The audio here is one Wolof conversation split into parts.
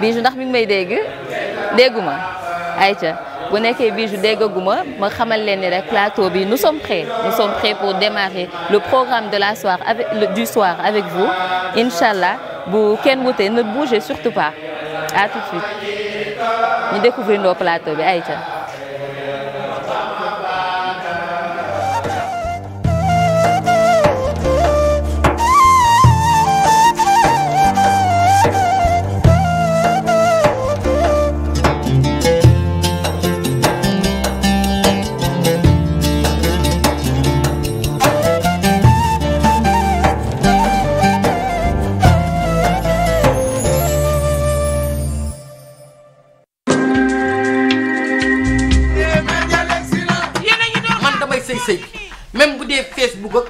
Bijou ndax mi nga may dégg déggu ma ayca bu nekkee Bijou déggaguma ma xamal leen ni rek plateau bi nous sommes prêts nous sommes prêts pour démarrer le programme de la soir avec du soir avec vous incha allah bu kenn wutee ne bougez surtout pas à tout de suite ñu découvrir ndoo plateau bi ayca.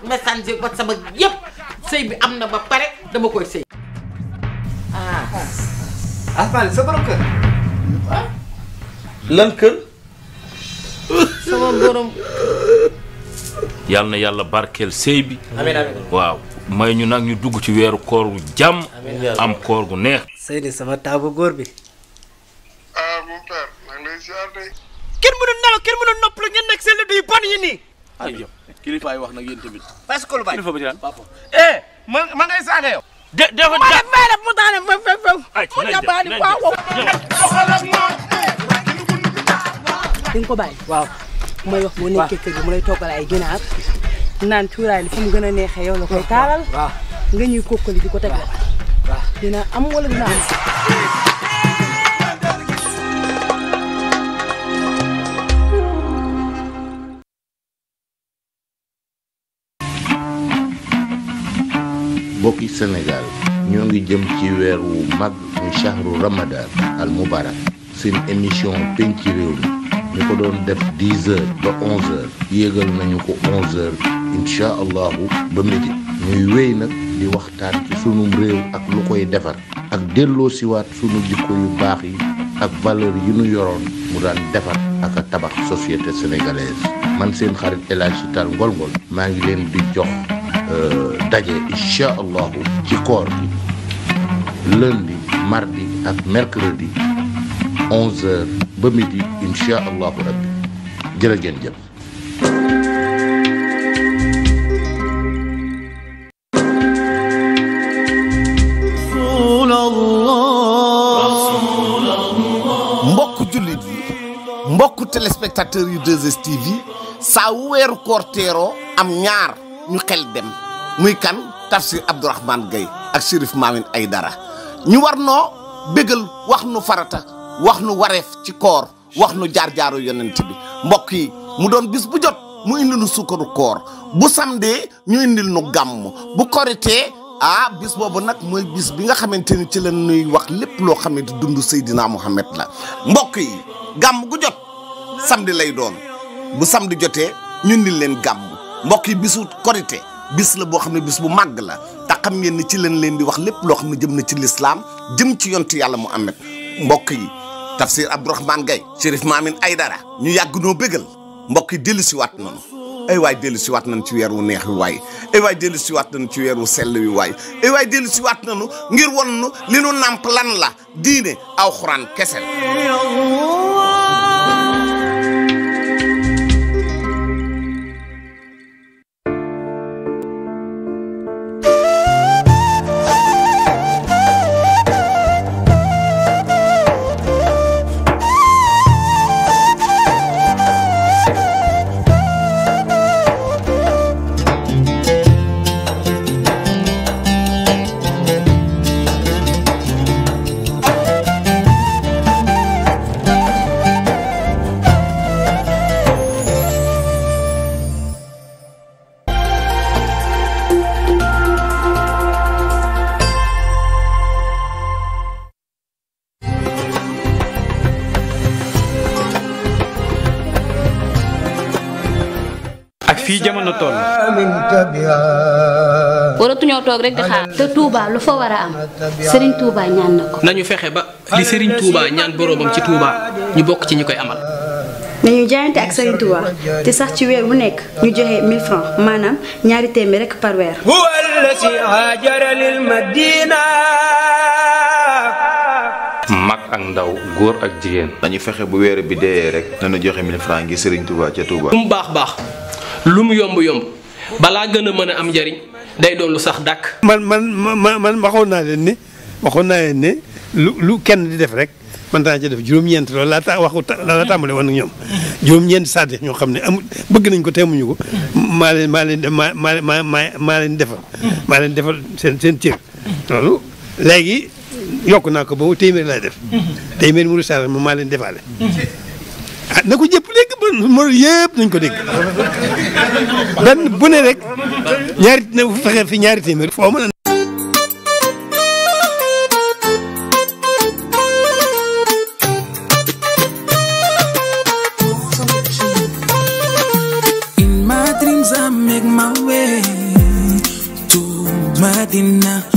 messenger whatsapp ak yëpp sëy bi am na ba pare dama koy sëy. ah. Asmaali sa borom kër. lan yàlla na yàlla barkeel sëy bi. waaw. may ñu nag ñu dugg ci weeru koor gu jàmm. am koor gu neex. Seydi sama taabu góor bi. Ah, kenn mënul nelaw kenn mënul nopp la ngeen nekk seen liggéey yu bon yi nii. kilifa yi wax nag yéen tamit. parce que lu bari kilifa ba ci eh, ma ma ngay saaga yow. de de fa ja mu daane ma fe fe. ay waaw mooy wax boo nekkee kër gi mu lay toggal ay ginaar. naan cuuraay li fu mu gën a neexee yow koy taaral. nga ñuy kokkali di ko teg la. dina am wala dina am. mbokki Sénégal ñoo ngi jëm ci weer wu mag muy shahru ramadan al mubarak seen émission penc réew mi ñu ko doon def 10 heures ba 11 heures nañu ko 11 heures incha allahu ba midi ñuy wéy nag di waxtaan ci sunum réew ak lu koy defar ak delloo siwaat sunu jikko yu baax yi ak valeur yi ñu yoroon mu daan defar ak a tabax société sénégalaise man seen xarit El Hadji Tall Ngol Ngol maa ngi leen di jox Euh, daje incha allahu ci koor bi lundi mardi ak mercredi 11h ba midi incha allahu rabbi jërë ngeen jëf. mbokk jullit yi mbokk téléspectateur yu 2STV saa weeru koor am ñaar. ñu xel dem muy kan tafsir Abdourahmane Gaye ak Chérif ay dara ñu war noo bégal wax nu farata wax nu wareef ci koor wax nu jaar-jaaru yonent bi mbokk yi mu doon bis bu jot mu indil nu sukkaru koor bu samdee ñu indil nu gàmm bu koritee ah bis boobu nag mooy bis bi nga xamante ni ci la nuy wax lépp loo xamante dund Seydina Muhammad la mbokk yi gàmm gu jot samedi lay doon bu samedi jotee ñu indil leen gàmm mbokk yi bisu korite bis la boo xam ne bis bu màgg la te xam ngeen ni ci leen leen di wax lépp loo xam ne jëm na ci lislaam jëm ci yontu yàlla mu amet mbokk yi tafsir abdourahman gay chérif maamin aydara ñu yàgg noo bégal mbokk yi dellu si noonu ay waay dellu si waat nañ ci weer wu neex wi waay ay waay dellu si waat nañ ci weer wu sell wi waay ay waay dellu si waat ngir won nu li nu nàmp lan la diine aw xuraan kese jamono toll. waratuñoo toog rek di xaar. te Touba lu fa war am Serigne Touba ñaan na ko. nañu fexe ba li Serigne Touba ñaan boroomam ci Touba ñu bokk ci ñu koy amal. nañu jaayante ak Serigne Touba te sax ci weer wu nekk ñu joxe 1000 francs maanaam ñaari téeméer rek par weer. huwa allasi haajara lil madina. mag ak ndaw góor ak jigéen. nañu fexe bu weer bi deeyee rek. nañu joxe 1000 francs ngir sëriñ Touba ca Touba. mu baax baax. lu mu yomb yomb balaa gën a mën a am njariñ day doon lu sax dàkk. man man man man waxoon naa leen ni waxoon naa leen ni lu lu kenn di def rek man daan ci def juróom-ñeent loolu laa ta waxu laa tàmbale woon ak ñoom. juróom-ñeent sàddex ñoo xam ne amul bëgg nañ ko teemuñu ko. maa leen maa leen maa maa maa maa leen defal. maa leen defal seen seen cër. loolu léegi yokk naa ko boobu téeméer laay def. téeméer mu rusaare ma maa leen defaale. ah ko jëpp léegi mor yëpp nañ ko dégg benn bu rek ñaari ne bu fi ñaari téeméer foo mën a In my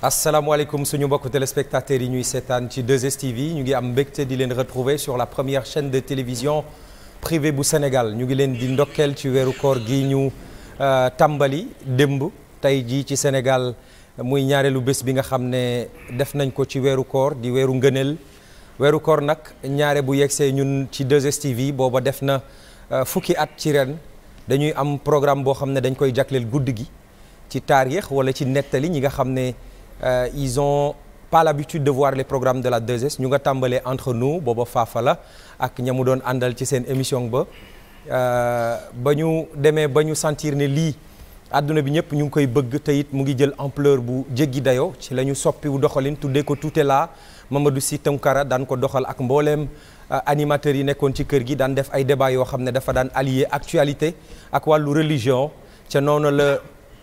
asalaamaaleykum suñu mbokk téléspectateurs yi ñuy seetaan ci 2STV ñu ngi am mbégte di leen retrouver sur la première chaîne de télévision privée bu Sénégal ñu ngi leen di ndokkeel ci weeru koor gi ñu euh, tàmbali démb tey jii ci Sénégal muy ñaareelu bés bi nga xam ne def nañ ko ci weeru koor di weeru ngëneel weeru koor nag ñaare bu yegsee ñun ci 2STV booba def na euh, fukki at ci ren dañuy am programme boo xam ne dañ koy jagleel guddi gi ci taarix wala ci nettali ñi nga xam ne Euh, ils ont pas l'habitude de voir les programmes de la 2S ñu nga tàmbalee entre nous booba faafa la ak ña mu doon àndal ci seen émission ba euh, ba ñu demee ba ñu sentir ne lii àdduna bi ñëpp ñu ngi koy bëgg teyit mu ngi jël ampleur bu jéggi dayoo ci la ñu soppiwu doxalin tuddee ko tuute laa du si Tounkara daan ko doxal ak mbooleem euh, animateurs yi nekkoon ci kër gi daan def ay débat yoo xam ne dafa daan allier actualité ak wàllu religion ca noonu la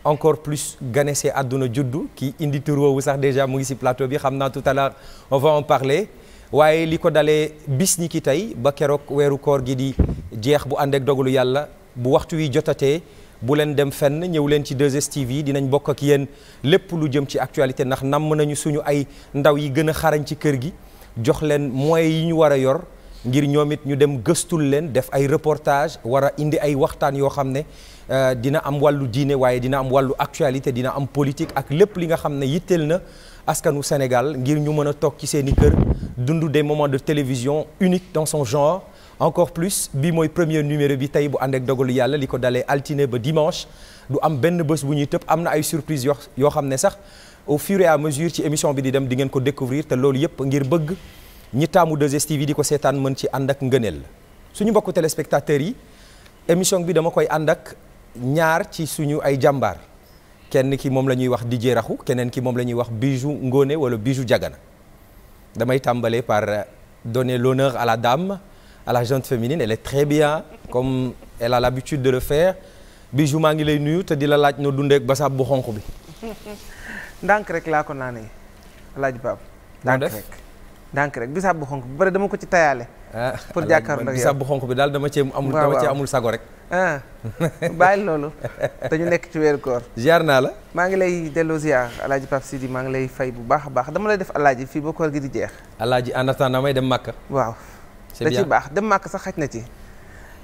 encore plus gane see àdduna juddu ki indi tur woowu sax déjà mu ngi si plateau bi xam naa tout à l'heure on en parler waaye li ko dalee bis ni tey ba keroog weeru koor gi di jeex bu ànd ak dogalu yàlla bu waxtu wi jotatee bu leen dem fenn ñëw leen ci 2STV dinañ bokk ak yéen lépp lu jëm ci actualité ndax nam nañu suñu ay ndaw yi gën a xarañ ci kër gi jox leen moyens yi ñu war a yor ngir ñoom it ñu dem gëstul leen def ay reportage war a indi ay waxtaan yoo xam ne Euh, dina am wàllu diine waaye dina am wàllu actualité dina am politique ak lépp li nga xam ne yitteel na askanu Sénégal ngir ñu mën a toog ci seen i kër dund de moments de télévision unique dans son genre encore plus bi mooy premier numéro bi tey bu àndeek ak dogalu yàlla li ko dalee altine ba dimanche du am benn bés bu ñuy tëb am na ay surprise yoo xam ne sax au fur et à mesure ci émission bi di dem di ngeen ko découvrir te loolu yëpp ngir bëgg ñi taamu 2STV yi di ko seetaan mën ci ànd ak ngëneel suñu mbokku téléspectateurs yi émission bi dama koy ànd ak ñaar ci suñu ay jàmbaar kenn ki moom la ñuy wax Didier Rakhou keneen ki moom la ñuy wax Bijou Ngoné wala Bijou jagana damay tàmbalee par euh, donner l'honneur à la dame à la gente féminine elle est très bien comme elle a l'habitude de le faire Bijou maa ngi lay nuyu te di la laaj noo dundee ak basaab bu xonq bi ndànk rek laa ko naanee laaj baab ndànk rek bisaab bu xonk bi bari dama ko ci tayaale ah, pour jàkkaarloo ak yow bisaab bu xonk bi daal dama cee amul dama cee amul sago rek ah bàyyi loolu dañu nekk ci weeru koor ziar naa la maa ngi lay delloo ziar alaaji Pape Sidi maa ngi lay fay bu baax a baax dama lay def alaaji fii ba koor gi di jeex alaaji en attendant may dem màkk waaw da ci baax dem màkk sax xaj na ci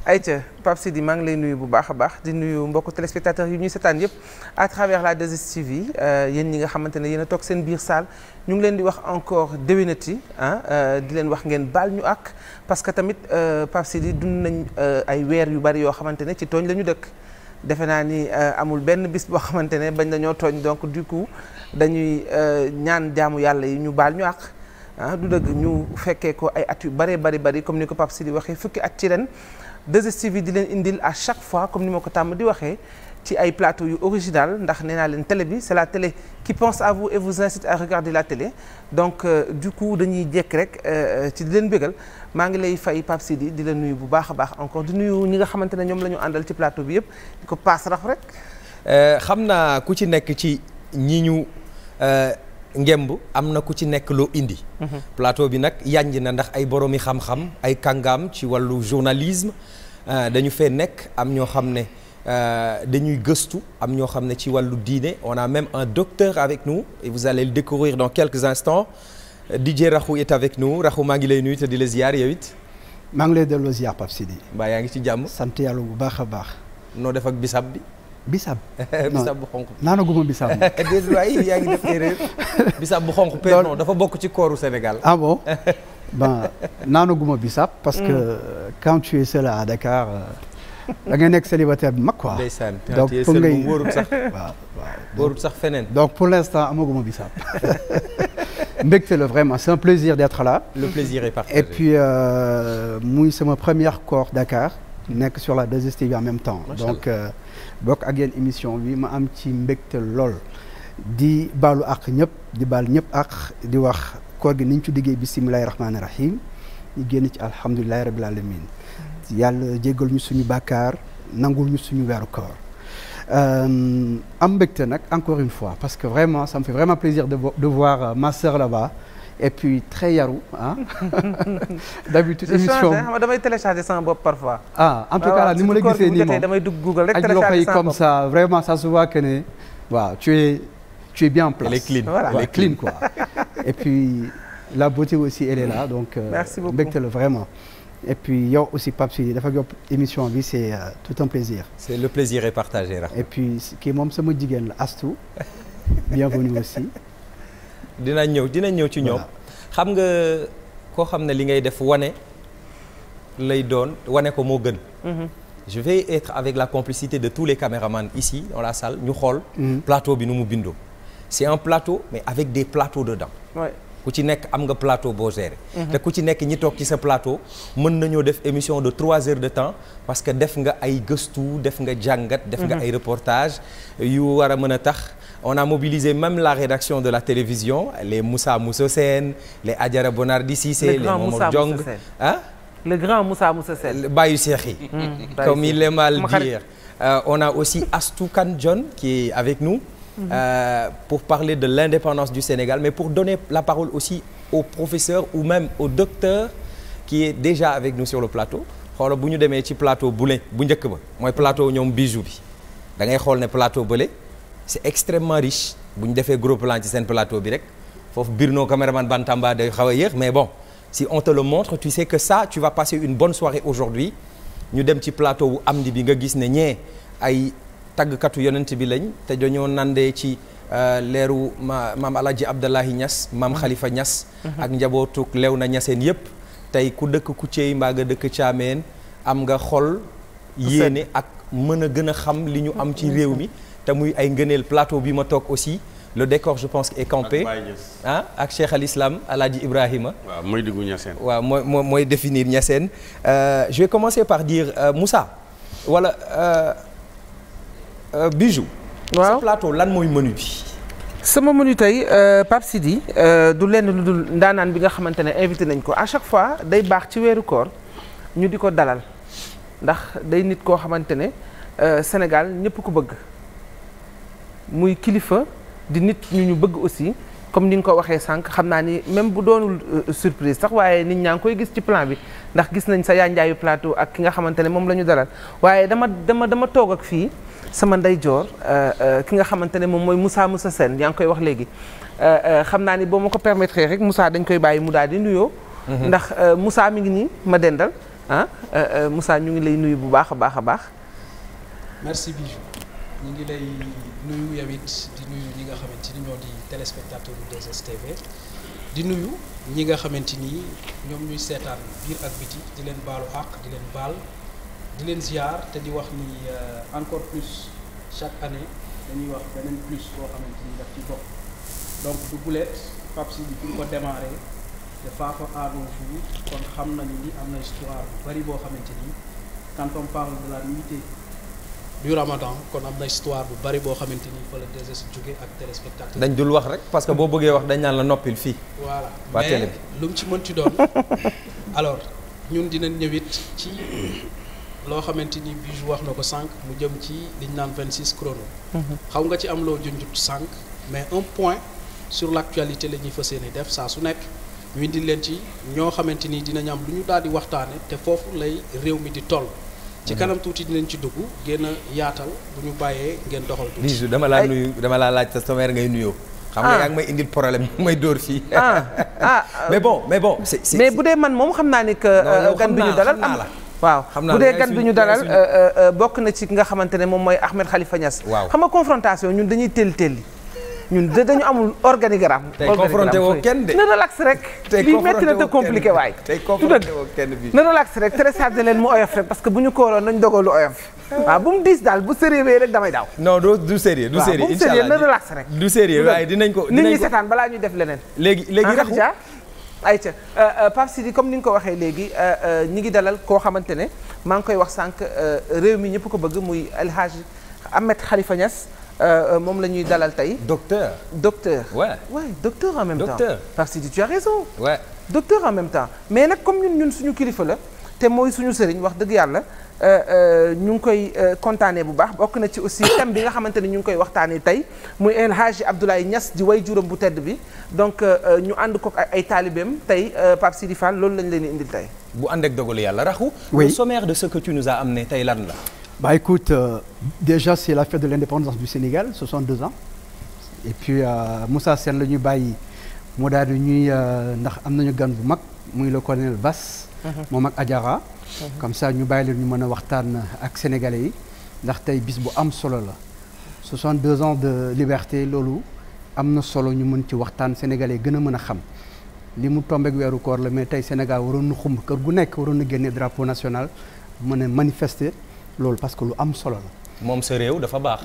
ay Aïcha Pape Sidi maa ngi lay nuyu bu baax a baax di nuyu mbokku téléspectateurs yu ñuy seetaan yëpp à travers la 2STV yi euh, yéen ñi nga xamante ne yéen a toog seen biir saal ñu ngi leen di wax encore déwénati ah di leen wax ngeen baal ñu ak parce que tamit euh, Pape Sidi dund nañ ay weer yu bari yoo xamante ne ci tooñ lañu dëkk defe naa ni amul benn bis boo xamante ne bañ lañoo tooñ donc du coup dañuy ñaan jaamu yàlla yi ñu baal ñu ak ah du dëgg ñu fekkee ko ay at yu bëree bari bari comme ni ko Pape Sidi waxee fukki at ci ren 2STV di leen indil à chaque fois comme ni ma ko tàmm di waxee ci ay plateau yu original ndax nee naa leen télé bi c'est la télé qui pense à vous et vous incite à regarder la télé donc euh, du coup dañuy jekk rek euh, euh, ci di leen bégal maa ngi lay fay Pape Sidi di la nuyu bu baax a baax encore di nuyu ñi nga xamante ne ñoom la ñu àndal ci plateau bi yëpp di ko paas rax rek. Euh, xam naa ku ci nekk ci ñi ñu. ngemb am na ku ci nekk loo indi. Mhm. plateau bi nag yanj na ndax ay boroomi xam-xam ay kàngaam ci wàllu journalisme. Euh, dañu fee nekk am ñoo xam ne euh, dañuy gëstu am ñoo xam ne ci wàllu diine on a même un docteur avec nous et vous allez le découvrir dans quelques instants DJ Rakhou est avec nous raxu maa ngi lay nuyu te di la ziar yow it. maa ngi lay delloo ziar Pape Sidi. mbaa yaa ngi ci jàmm. sant yàlla bu baax a baax. noo def ak bisab bi. bisab. bisab bu xonq. naanaguma bisab nag. déedéet waay yaa ngi def erreur. bisab bu xonq. non dafa bokk ci kooru Sénégal. ah bon naanaguma bisaab. parce que mm. quand tu euh, da ngay nekk célibataire bi mag quoi. ndeysaan donc pour ngay wóorut sax waaw waaw wóorut sax feneen. donc pour l' instant amaguma bisaab mbégte la vraiment c' est un plaisir d' être là. le plaisir est et puis euh, muy sama première corps Dakar. nekk sur la 2STV en même temps. donc bokk ak yéen émission bi ma am ci mbégte lool. di baalu àq ñëpp di bal ñëpp àq di wax. koor gi niñ ci duggee bisimilahi rahmaani rahim ñu génn ci alhamdulilahi rabil alamin yàlla jéggal ñu suñu bàkkaar nangul ñu suñu weeru koor euh, am mbégte nag encore une fois parce que vraiment ça me fait vraiment plaisir de, vo de voir euh, ma sœur là et puis très yaru damay télécharger sama parfois. ah en tout cas là ni ma la gisee moom damay dugg Google rek comme ça vraiment ça se que ne waaw tu es tu bien en place. elle est clean voilà et puis la beauté aussi elle est là donc. Euh, merci beaucoup mbégte vraiment. et puis yow aussi Pape Sidi dafa yokk émission bi c' est euh, tout un plaisir. c' le plaisir est partagé Rahma. et puis kii moom sama jigéen la Astou. bienvenue aussi. dina ñëw dina ñëw ci ñoom. xam nga koo xam ne li ngay def wane lay doon wane ko moo gën. Mhm. je vais être avec la complicité de tous les caméramans ici dans la salle ñu xool. Mhm. plateau bi nu mu bindoo. c'est un plateau mais avec des plateaux dedans ku ci nekk am nga plateau boo géré mhm. te ku ci nekk ñi toog ci sa plateau mën ñoo def émission de trois heures de temps parce que def nga ay gëstu def nga jàngat def nga mhm. ay reportage yu war a mën a tax on a mobilisé même la rédaction de la télévision les musa Moussa Sène les Adjara Bonardi Cissé les Momar Jong ah le grand Moussa Moussa Sène bàyyu seex yi mhm. comme il aime à dire euh, on a aussi Astou Kane John qui avec nous Euh, pour parler de l'indépendance du Sénégal, mais pour donner la parole aussi aux professeurs ou même au docteur qui est déjà avec nous sur le plateau. xoolal bu ñu demee ci plateau bu ne bu njëkk ba mooy plateau ñoom bijou bi da ngay xool ne plateau bële c'est extrêmement riche bu ñu defee gros plan ci seen plateau bi rek foofu biir noo caméraman Bantamba day xaw a yéex mais bon si on te le montre tu sais que ça tu vas passer une bonne soirée aujourd'hui ñu dem ci plateau wu am bi nga gis ne ñee ay tàggkatu yonent bi lañ te dañoo nandee ci euh, leeru ma maam Alaaji Abdallahi Ñas maam Xalifa Ñas mhm. ak njabootuk lew na ñaseen yëpp tey ku dëkk Kuccéy mbaa nga dëkk Caameen am nga xol yéene ak mën a gën a xam li ñu am ci réew mi te muy ay ngëneel plateau bi ma toog aussi le décor je pense est campé ah ak Cheikh al Islam Alaaji Ibrahima waaw mooy diggu ñaseen waaw mooy mooy mooy définir ñaseen euh, je commencer par dire euh, Moussa wala Euh, bijou. waaw sa plateau lan mooy menu bi. sama menu tey euh, Pape Sidi euh, du lenn lu dul ndaanaan bi nga xamante ne invité nañ ko à chaque fois day baax ci weeru koor ñu di ko dalal ndax day nit koo xamante ne Sénégal ñëpp ko bëgg muy kilifa di nit ñu ñu bëgg aussi. comme ni nga ko waxee sànq xam naa ni même bu doonul euh, surprise sax waaye nit ñaa ngi koy gis ci plan bi ndax gis nañ sa yaanjaayu plateau ak ki nga xamante ne moom la ñu dalal waaye dama dama dama toog ak fii sama ndeyjoor euh, euh, ki nga xamante ne moom mooy mu sa Sène yaa ngi koy wax léegi xam naa ni boo ma ko permettre rek Moussa dañ koy bàyyi mu daal di nuyoo. Mhm. ndax Moussa mi ngi nii ma dendal ah Moussa ñu ngi lay nuyu bu baax a baax a baax. merci ngi lay téléspectateur bu 2STV di nuyu ñi nga xamante ni ñoom ñuy seetaan biir ak biti di leen baalu àq di leen baal di leen ziar te di wax ni euh, encore plus chaque année dañuy wax beneen plus boo xamante ni daf ci bokk donc du gulet Pape bi ñu ko démarré de Fafa à nos jours kon xam nañu ni am na histoire bu bari boo xamante ni quand on parle de la du Ramadan kon am na histoire bu bari boo xamante ni fa la 2S jóge ak téléspectateur. dañ dul wax rek parce que boo bëggee wax dañ naan la noppil fii. voilà waa télé ci mënti doon alors ñun dinañ ñëwit ci loo xamante ni Bijou wax na ko sànq mu jëm ci li naan naan 26 chrono. Mhm. xaw nga ci am loo junjut sànq mais un point sur l' actualité la ñuy fas yéene def saa su nekk. ñu indil leen ci ñoo xamante ni dinañ am lu ñu daal di waxtaane te foofu lay réew mi di toll. ci kanam tuuti dinañ ci dugg gën a yaatal bu ñu bàyyee ngeen doxal tuuti. Bijou dama laa nuyu dama laa laaj sa mère ngay nuyoo. xam nga ah. yaa ngi may indil problème may dóor fii. ah ah euh, mais mais bon. c'est c'est bu dee man moom xam naa ni que. Euh, gan bi ñu dalal am waaw bu dee gan bi ñu dalal euh, bokk na ci ki nga xamante ne moom mooy Ahmed Khalifa Niass. waaw xam nga confrontation ñun dañuy teel teel ñun de dañu amul organigramme. tey confronté woo kenn de. na relax rek. lii metti na te compliqué waay. tey confronté woo kenn bi na relax rek téléchargé leen mu oyof rek parce que bu ñu kooroon nañ dogal lu oyof. waaw ah, bu mu diis daal bu sérieux rek damay daaw. no du du sérieux du sérieux incha allah na relax rek. du sérieux waaye dinañ ko nit ñi seetaan balaa ñuy def leneen. léegi léegi ah, raxu ayca euh, euh, Pape Sidi comme ni nga ko waxee léegi euh, ñi ngi dalal koo xamante ne maa ngi koy wax sànq réew mi ñëpp ko bëgg muy El Hadj Ahmed Khalifa Niass Euh, euh, moom la ñuy dalal tey. docteur docteur. waaw ouais. docteur en même docteur. temps. docteur parce que tu as raison. docteur en temps mais nag comme ñun ñun suñu kilifa la te mooy suñu sëriñ wax dëgg yàlla euh, ñu ngi koy kontaanee bu baax bokk na ci aussi thème bi nga xamante ni ñu ngi koy waxtaanee tey muy El Hadji Abdoulaye ñas di way juróom bu tedd bi donc ñu ànd ko ak ay taalibeem tey Pape Sidi Fall loolu lañ leen di indil tey. bu àndeek ak dogalu yàlla raxu. oui le sommaire de ce que tu nous as tey lan la. bàyyi écoute, euh, déjà c'est la fête de l'indépendance du Sénégal, 62 ans. Et puis euh, Moussa Sène la ñu bàyyi moo daal di ñuy euh, ndax am nañu gan bu mag muy le colonel Bass. Mhm. moom ak Adjara. Mhm. comme ça ñu bàyyi leen ñu mën a waxtaan ak sénégalais yi ndax tey bis bu am solo la. 62 ans de liberté loolu am na solo ñu mën ci waxtaan sénégalais gën a mën a xam li mu tombeek weeru koor la mais tey Sénégal waroon na xumb kër gu nekk waroon na génne drapeau national mën a manifester. loolu parce que lu am solo la. moom sa réew dafa baax.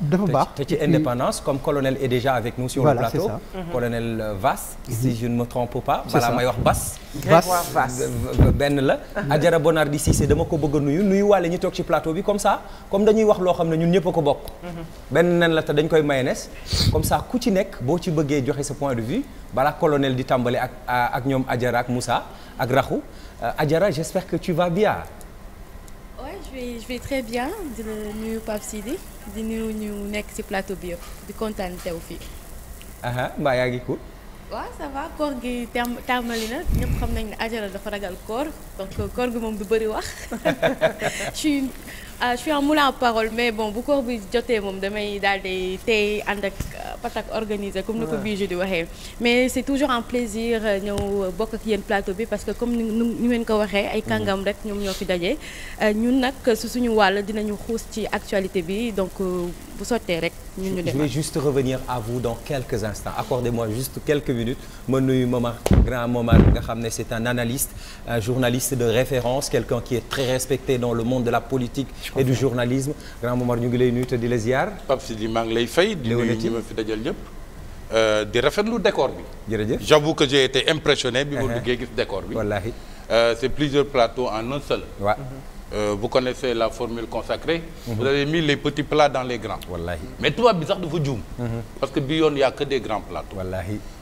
dafa baax te ci indépendance comme colonel est déjà avec nous sur voilà, le plateau. Mhm. colonel euh, Vass. Mhm. si je ne pas. balaa may wax Bass. Vass benn la. Mhm. Adjara Bonardi Cissé dama ko bëgg a nuyu nuyuwaale ñu toog ci plateau bi comme ça comme dañuy wax loo xam ne ñun ñëpp ko bokk. benn nen la te dañ koy mayonnaise. comme ça ku ci nekk boo ci bëggee joxe sa point de vue balaa colonel di tàmbale ak ak ñoom Adjara ak Moussa ak Raxu euh, Adjara j'espère que tu je vais je vais très bien di nuyu Pape di nuyu ñu nekk ci plateau bi yëpp di kontaan teew fii. mbaa yaa ngi cool. waaw ça va koor gi tàmm tàmmali na ñëpp xam nañ ni Adjara dafa ragal koor donc koor gi moom du bari wax ah je suis un moulin mais bon bu koor bi jotee moom damay daal di tey ànd ak euh, patak organisé comme ni ko bii je di waxee mais c'est toujours un plaisir euh, ñëw bokk ak yéen plateau bi parce que comme ni ni ngeen ko waxee ay kàngam mhm. rek ñoom ñoo fi daje ñun nag su suñu wàll dinañu xuus ci actualité bi donc bu sottee rek ñun ñu dem je vais juste revenir à vous dans quelques instants accordez-moi juste quelques minutes ma nuyu Momar grand moment nga xam ne c'est un analyste un journaliste de référence quelqu'un qui est très respecté dans le monde de la politique et du journalisme grand moment ñu ngi lay nuyu di la ziar. Pape Sidi maa ngi lay fay di nuyu ñi ma fi dajal ñëpp euh, di rafetlu décor bi j'avoue que j'ai été impressionné bi ma uh-huh. duggee décor bi wallaahi euh, c'est plusieurs plateaux en un seul mm-hmm. bu euh, vous connaissez la formule consacrée. Mm -hmm. vous avez mis les petits plats dans les grands. wallaahi mais tubaab bi sax dafa juum. Mhm. parce que bii yoon y' a que des grands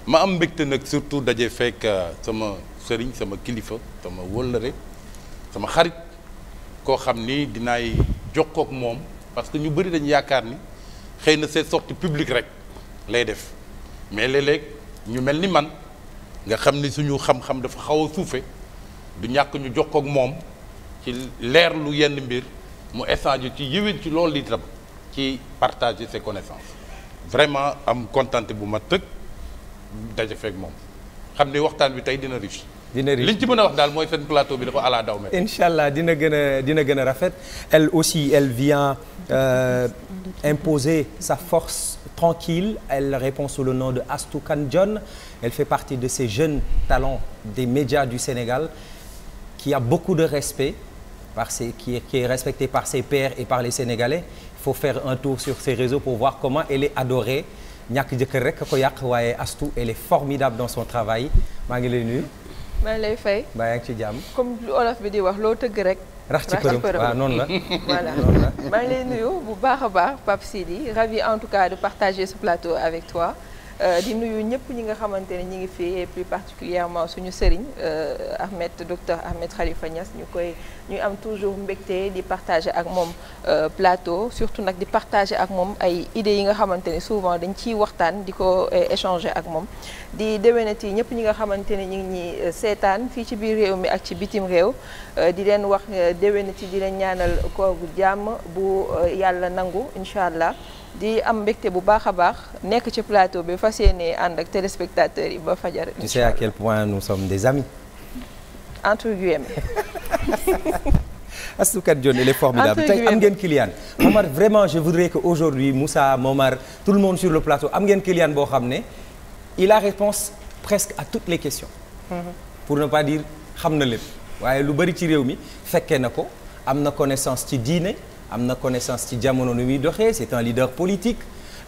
ma am mbégte nag surtout daje fekk euh, sama sëriñ sama kilifa sama wëllëre sama xarit koo xam ni dinaay jokkoo ak moom parce que ñu bëri dañu yaakaar ni xëy na c'est sortie publique rek lay def mais léeg-léeg ñu mel ni man nga xam ni suñu xam-xam dafa xaw a suufe du ñàkk ñu jokkoo moom. ci lu yenn mbir mu échange ci yiwit ci loolu itam ci partager ses connaissances vraiment am contenté bu ma tëgg daje feeg moom xam ni waxtaan wi tey dina riche. dina li ñu ci mën a wax daal mooy seen plateau bi dafa ala daw me. incha dina gën a dina gën a rafet elle aussi elle vient euh, imposer sa force tranquille elle répond sous le nom de Astou Kane Dione elle fait partie de ces jeunes talents des médias du Sénégal qui a beaucoup de respect. par ses, qui, est, qui est par ses pairs et par les Sénégalais il faut faire un tour sur ses réseaux pour voir comment elle est adorée ñàkk jëkkër rek ko yàq waaye Astou elle est formidable dans son travail maa ngi lay nuyu. maa ngi ci jàmm. comme olof bi di wax loo tëgg rek. rax ci këram waaw noonu la. voilà maa ngi lay nuyu bu baax a baax Pape Sidi ravi en tout cas de partager ce plateau avec toi. Euh, di nuyu ñëpp ñi nga xamante ne ñi ngi fi plus particulièrement suñu sëriñ euh, Ahmed docteur Ahmed Khalifa Niass ñu koy ñu am toujours mbégte di partager ak moom euh, plateau surtout nag di partager ak moom ay idées yi nga xamante ne souvent dañ ciy waxtaan di ko échanger ak moom di déwénati ñëpp ñi nga xamante ne ñu ngi ñi seetaan fii ci biir réew mi ak ci bitim réew di leen wax déwénati di leen ñaanal koogu jàmm bu yàlla nangu incha allah di am mbégte bu baax a baax nekk ci plateau bi fas yéene ànd ak téléspectateurs yi ba fajar. incha allah tu sais à quel point nous sommes des amis. entre guillemets. Astoukat Dione elle est formidable tey am ngeen client Momar vraiment je voudrais que aujourd'hui Moussa Momar tout le monde sur le plateau am ngeen client boo xam ne il a réponse presque à toutes les questions mhm. pour ne pas dire xam na lépp waaye lu bari ci réew mi fekkee na ko am na connaissance ci diine am na connaissance ci jamono ni muy doxee c'est un leader politique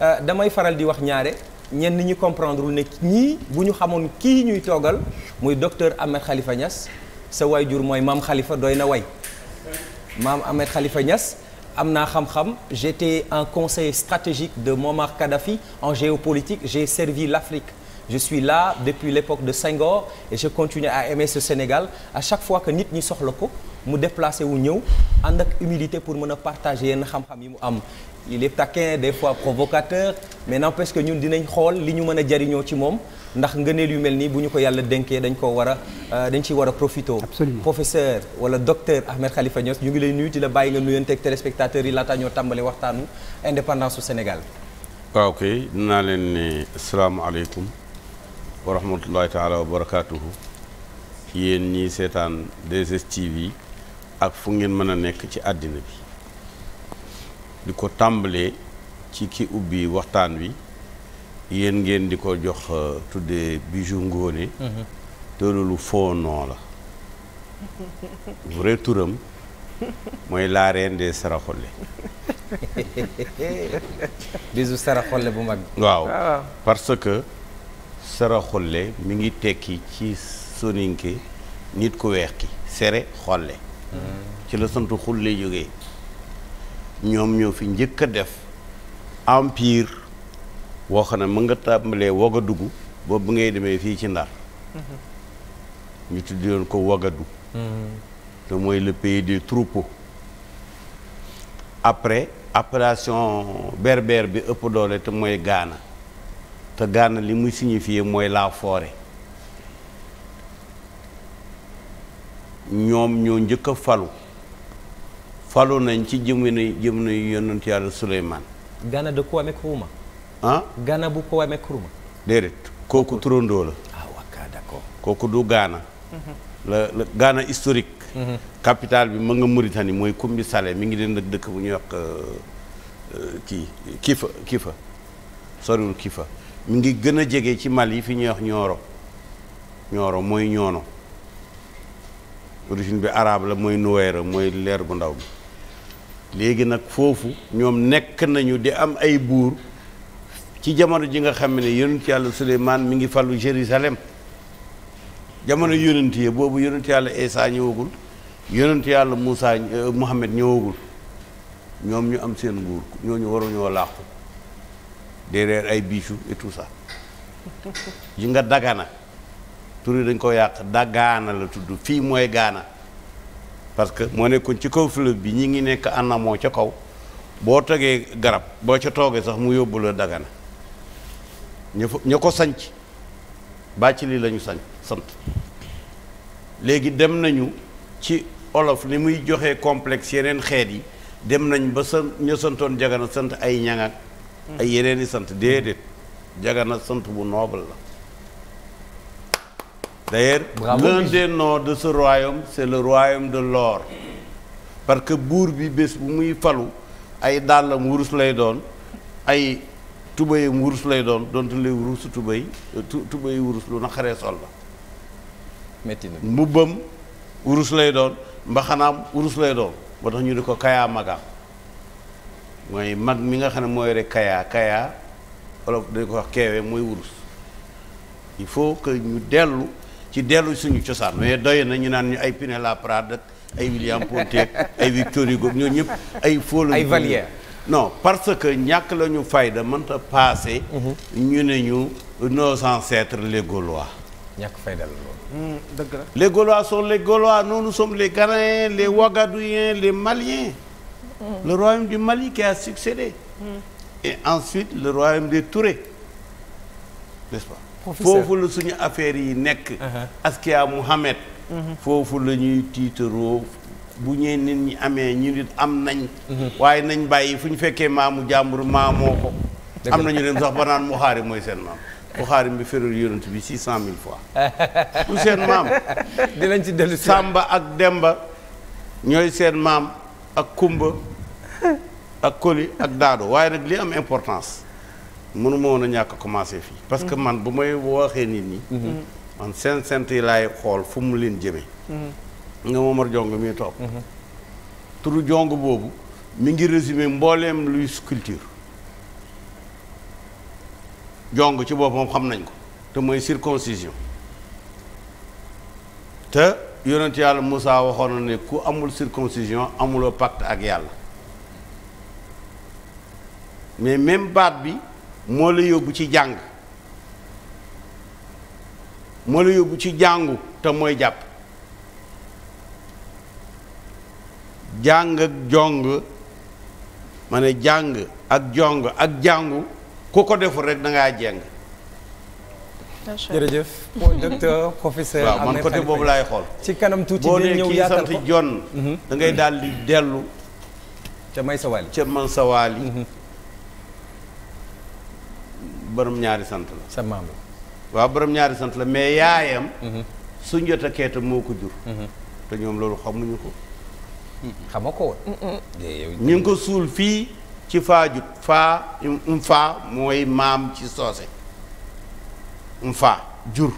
euh, damay faral di wax ñaare ñenn ñi comprendre ne ñii bu ñu xamoon kii ñuy toogal muy docteur Ahmed Khalifa Niass sa waajur mooy maam Khalifa doy na way maam Ahmed Khalifa Niass am naa xam-xam j'étais un conseiller stratégique de Muammar Kadhafi en géopolitique j'ai servi l'Afrique je suis là depuis l'époque de Senghor et je continue à aimer ce Sénégal à chaque fois que nit ñi soxla ko mu déplacé wu ñëw ànd ak humilité pour mën a partager yenn xam-xam yi mu am il est taquin des fois provocateur mais n'empêche que ñun dinañ xool li ñu mën a jariñoo ci moom ndax ngëneel yu mel nii bu ñu ko yàlla dénkee dañ ko war a euh, dañ ciy war a profité professeur wala docteur Ahmed Khalifa ñoos ñu ngi leen nuyu di la bàyyi nga nuyanteeg téléspectateurs yi laataa ñoo tàmbale waxtaanu indépendance su Sénégal waaw kay dinaa leen ne asalaamaaleykum wa rahmatullahi taala wa barakaatuhu yéen ak fu ngeen mën a nekk ci àddina bi di ko tàmbalee ci ki ubbi waxtaan wi yéen ngeen di ko jox euh, tuddee Bijou Ngoné mhm. te turam mooy la reine des saraxole bu mag waaw ah, parce que saraxole mi ngi tekki ci soninke nit ku weex ki sere xole ci la sant xulle jógee ñoom ñoo fi njëkk a def empire woo xam ne mën nga tàmbalee Wagadugu boobu ngay demee fii ci Ndar mm-hmm. ñu tuddoon ko Wagadu mm-hmm. te mooy le pays des troupeaux après appellation berbère bi ëpp doole te mooy Gaana te Gaana li muy signifier mooy la foore ñoom ñoo njëkk falu falu nañ ci jamonoy jamonoy yonent yàlla Suleymaan Gana de Kowa Nkrumah ah Gana bu Kowa déedéet kooku turandoo la ah kooku du Gana la la Gana historique mhm. capitale bi ma nga Mauritanie mooy Kumbi Salé mi ngi den nag dëkk bu ñu wax euh, euh, kii Kifa Kifa soriwul Kifa mi ngi gën a jege ci Mali fi ñuy wax ñooro Nioro mooy ñoono origine bi arabe la mooy nuweera mooy leer bu ndaw bi léegi nag foofu ñoom nekk nañu di am ay buur ci jamono ji nga xam ne yonent yàlla Suleymaan mi ngi falu Jérusalem jamono yonent yi boobu yonent yàlla Isaa ñëwagul yonent yàlla Muusaa euh, Muhammad ñëwagul ñoom ñu am seen nguur ñooñu waruñoo làqu derrière ay bichu et tout yi nga dagana tur dañ ko yàq da gaana la tudd fii mooy gaana parce que moo nekkoon ci kaw fleuve bi ñi ngi nekk anamoo ca kaw boo tegee garab boo ca toogee sax mu yóbbu la dagana ña fa ña ko sanc bàcc li lañu sañ sant léegi dem nañu ci olof li muy joxe complexe yeneen xeet yi dem nañ ba sant ña santoon jagana sant ay ñaŋak ay yeneen i sant déedéet jagana sant bu noble la d'ailleurs l'un des de ce royaume c'est le royaume de l'or parce que buur bi bés bu muy falu ay dàllam wurus lay doon ay tubayam wurus lay doon donte lay wurusu tubay tubay wurus lu naqaree sol la metti na mbubbam wurus lay doon mbaxanaam wurus lay doon moo tax ñu di ko kayaa magaam mooy mag mi nga xam ne mooy rek kayaa kayaa wala dañ ko wax keewe mooy wurus il faut que ñu dellu ci dellu suñu cosaan mais doy na ñu naan ñu ay Pinella Prada ay William Ponty ay Victor Hugo ñoo ñëpp ay fóolu ay Valière non parce que ñàkk la ñu fayda mënta passé mhm. ñu ne ñu nos ancêtres les Gaulois ñàkk fayda la loolu hmm, dëgg la les Gaulois sont les Gaulois nous nous sommes les Ghanéens les hmm. Ouagadouiens les Maliens mmh. le royaume du Mali qui a succédé hmm. et ensuite le royaume des Touré foofu la suñu affaire yi nekk. Uh-huh. Askia Mohamed. Mm-hmm. foofu lañuy ñuy tiitaroo bu ñee nit ñi amee ñu nit am nañ. Mm-hmm. waaye nañ bàyyi fu ñu fekkee maamu jàmbur maamoo ko. am nañu leen sax ba naan mu xaari mooy seen maam. mu xaari bi ferul yonent bi six cent mille fois. bu seen maam. dinañ ci dellu Samba ak Demba ñooy seen maam ak Kumba ak Koli ak Daado waaye nag li am importance. mënu ma woon a ñàkk commencé fii. parce que mm-hmm. man bu may waxee nit ñi. Mm-hmm. man seen sant yi laay xool fu mu leen jëmee. Mm-hmm. nga Momar Jong mi toog. turu jong boobu mi ngi résumé mbooleem luy sculpture. jong ci boppam xam nañ ko te mooy circoncision te yonent yàlla Moussa waxoon na ne ku amul circoncision amuloo pacte ak yàlla mais même baat bi. moo la yóbbu ci jàng moo la yóbbu ci jàngu te mooy jàpp jàng ak jong ma ne jàng ak jong ak jàngu ku ko deful rek da ngaa jeng jërëjëf docteur waaw man côté boobu laay xool ci kanam tuuti boo nee kii sant jonn mhm. da ngay daal di dellu mhm. ca may sa ca man sa borom ñaari sant la. sa maam la. waaw borom ñaari sant la mais yaayam. Mhm. Sunjata Keeta moo ko jur. Mhm. te ñoom loolu xamuñu ko. xamoo ko woon. ñu ngi ko suul fii ci Faajut faa um, um faa mooy maam ci soose. um faa jur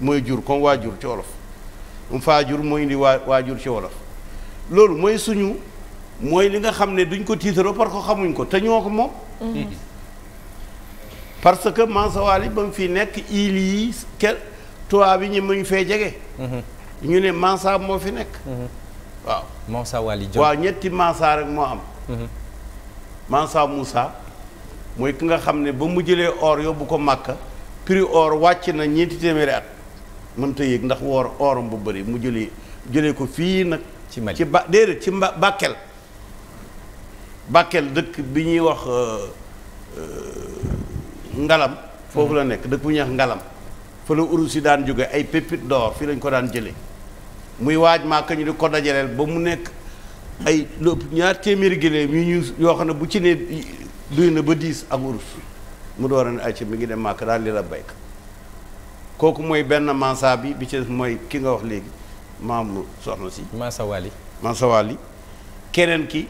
mooy jur comme waa jur ci wolof. um faa jur mooy indi waa waa jur ci wolof. loolu mooy suñu mooy li nga xam ne duñ ko tiitaroo par que xamuñ ko te ñoo ko moom. Mm-hmm. parce que Mansowaali ba mu fi nekk il yi kel tubaab yi ñu mu ngi fee jege. Mhm. ñu ne Mansa moo fi nekk. Mhm. waaw Mansawaali Diop waaw ñetti Mansa rek moo am. Mhm. Mansa Moussa mooy ki nga xam ne ba mu jëlee or yóbbu ko Màkka prix or wàcc na ñeenti téeméeri at mënta yéeg ndax woor oram bu bëri mu jëlee jëlee ko fii nag. ci Mali déedéet ci mba Bakel. Bakel dëkk bi ñuy wax. Euh, euh, ngalam foofu la nekk dëkk bu ñuy wax ngalam fa la urus yi daan jóge ay pépite d'or fii lañ ko daan jëlee muy waaj maaka ñu di ko dajaleel ba mu nekk ay lépp ñaar téeméeri gëléem yu ñu yoo xam ne bu ci ne duy na ba diis ak urus mu door a ne ay ci mi ngi dem maaka daal li la béyk kooku mooy benn mansa bi bi ci mooy ki nga wax léegi maamu soxna si mansa wali mansa wali keneen ki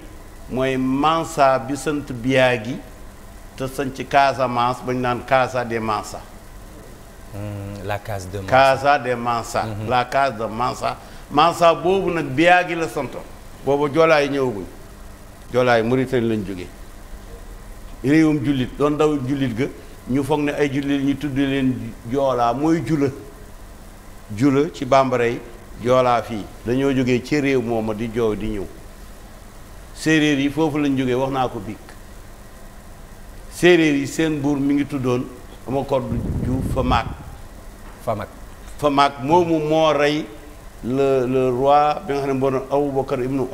mooy mansa bi sant biyaa gi te sañc Casamance ba ñu naan Casa de hmm, la Casa de Mansa hmm, hmm. la Casa de Mansa. Mansa boobu nag biyaagi la santoon. boobu joolaa yi ñëwaguñ. joolaa yi lañ jógee. réewum jullit doon daw jullit ga ñu foog ne ay jullit ñu tudd leen joolaa mooy jula. jula ci bambara yi joolaa fii dañoo jógee ci réew mooma di joow di ñëw séeréer yi foofu lañ jógee wax naa ko bii. séeréer yi seen buur mi ngi tuddoon Amakordou Diouf Famaak Famaak Famaak moomu moo rey le le roi bi nga xam ne moo doon Aboubacar ibnu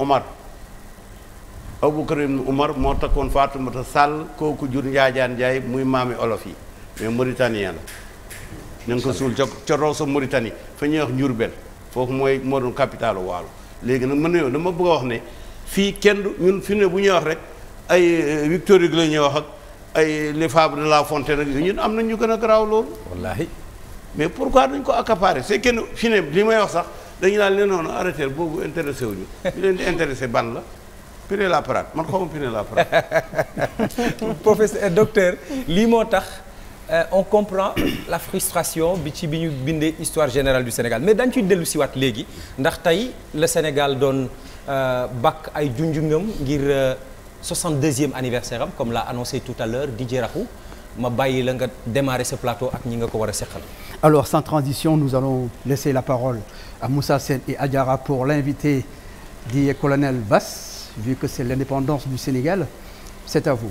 Omar moo takkoon Faatumata Sàll kooku jur Njaajaan Njaay muy maami olof yi mais mauritanien la ñu ko suul ca ca Rosso Mauritanie fa ñuy wax Njurbel foofu mooy moo doon capitalu Waalo léegi nag ma na yow dama bëgg a wax ne fii kenn ñun fi ne bu ñuy wax rek ay euh, Victor Hugo wax ak ay les fables de la fontaine ak yooyu ñun am na ñu gën a garaaw loolu. wallaahi. mais pourquoi duñ ko accaparer c'est kenn fi ne li may wax sax dañu naan leen noonu arrêté boobu intéressé wuñu bi leen di intéressé ban la. Piré la parade man xaw ma Piré la parade. professeur docteur lii moo tax euh, on comprend la frustration bi ci bi ñu bindee histoire générale du Sénégal mais dañ ciy dellu siwaat léegi ndax tey le Sénégal doon euh, bakk ay junjungam ngir. Euh, 62e anniversaire am comme l'a annoncé tout à l'heure DJ Rakhou ma bàyyi la nga démarrer ce plateau ak ñi nga ko war a seqal. alors sans transition nous allons laisser la parole à Moussa Sène et Adjara pour l'invité du colonel Bass vu que c'est l'indépendance du Sénégal c'est à vous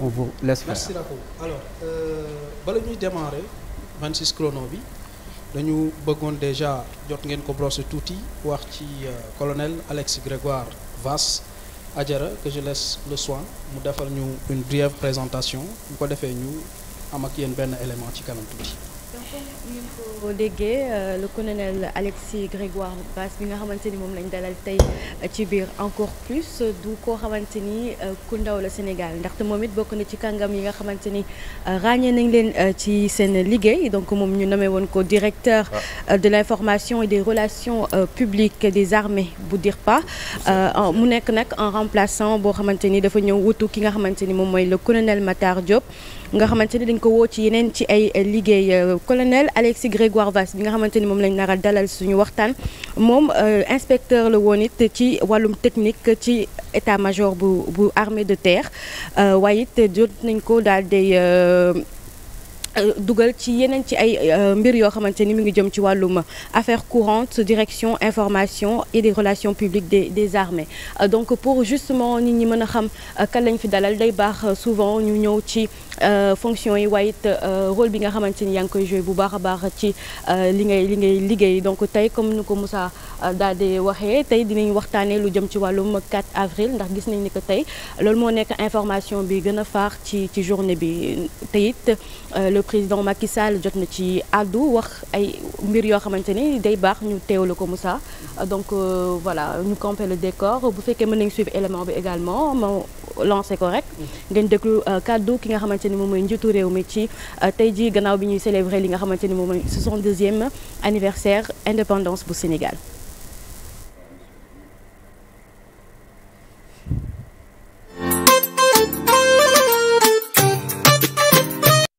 on vous laisse faire. merci Rakhou alors euh, bala ñuy démarrer 26 chrono bi dañu bëggoon déjà jot ngeen ko brosser tuuti wax ci euh, colonel Alex Grégoire Bass. Ajara que je laisse le soin mu defar ñu une brève présentation bu ko defee ñu am ak yéen benn élément ci kanam tuuti. ngeen ko déggee euh, le colonel Alexis Grégoire Basse bi nga xamante ni moom lañ dalal tey euh, ci biir encore plus du koo xamante ni euh, ku ndaw la Sénégal ndaxte moom it bokk na ci kàngam yi nga xamante ni ràññee nañ leen ci seen liggéey donc moom ñu nommé woon ko directeur ah. de l'information et des relations publiques des armées bu DIRPA mu nekk nag en remplaçant boo xamante ni dafa ñëw wutu ki nga xamante ni moom mooy le colonel Matar Diop nga xamante ni dañ ko woo ci yeneen ci ay liggéey euh, colonel Alexis Grégoire Vass bi nga xamante ni moom lañu nar a dalal suñu waxtaan moom euh, inspecteur la woon it ci wàllum technique ci état major bu bu armée de terre euh, waaye it jot nañ ko daal di Euh, dugal ci yeneen ci ay euh, mbir yoo xamante ni mu ngi jëm ci wàllum affaire courante direction information et des relations publiques des des armées euh, donc pour justement nit ñi mën a xam kan lañ fi dalal day baax souvent ñu ñëw ci fonctions yi waaye it rôle bi nga xamante ni yaa ngi koy joué bu baax a baax ci li ngay li ngay liggéey donc tey comme nu ko Moussa Euh, daal di waxee tey dinañu waxtaanee lu jëm ci wàllum 4 avril ndax gis nañ ni que tey loolu moo nekk information bi gën a faax ci ci journée bi te it euh, le président Macky Sall jot na ci addu wax ay mbir yoo xamante ni day baax ñu teewlu ko Moussa donc euh, voilà ñu camper le décor bu fekkee mën nañ suivre élément bi également ma lancé ko rek ngeen déglu kàddu ki nga xamante ni moom mooy njiitu réew mi ci tey jii gannaaw bi ñuy célébrer li nga xamante ni moom mooy 62e anniversaire indépendance bu Sénégal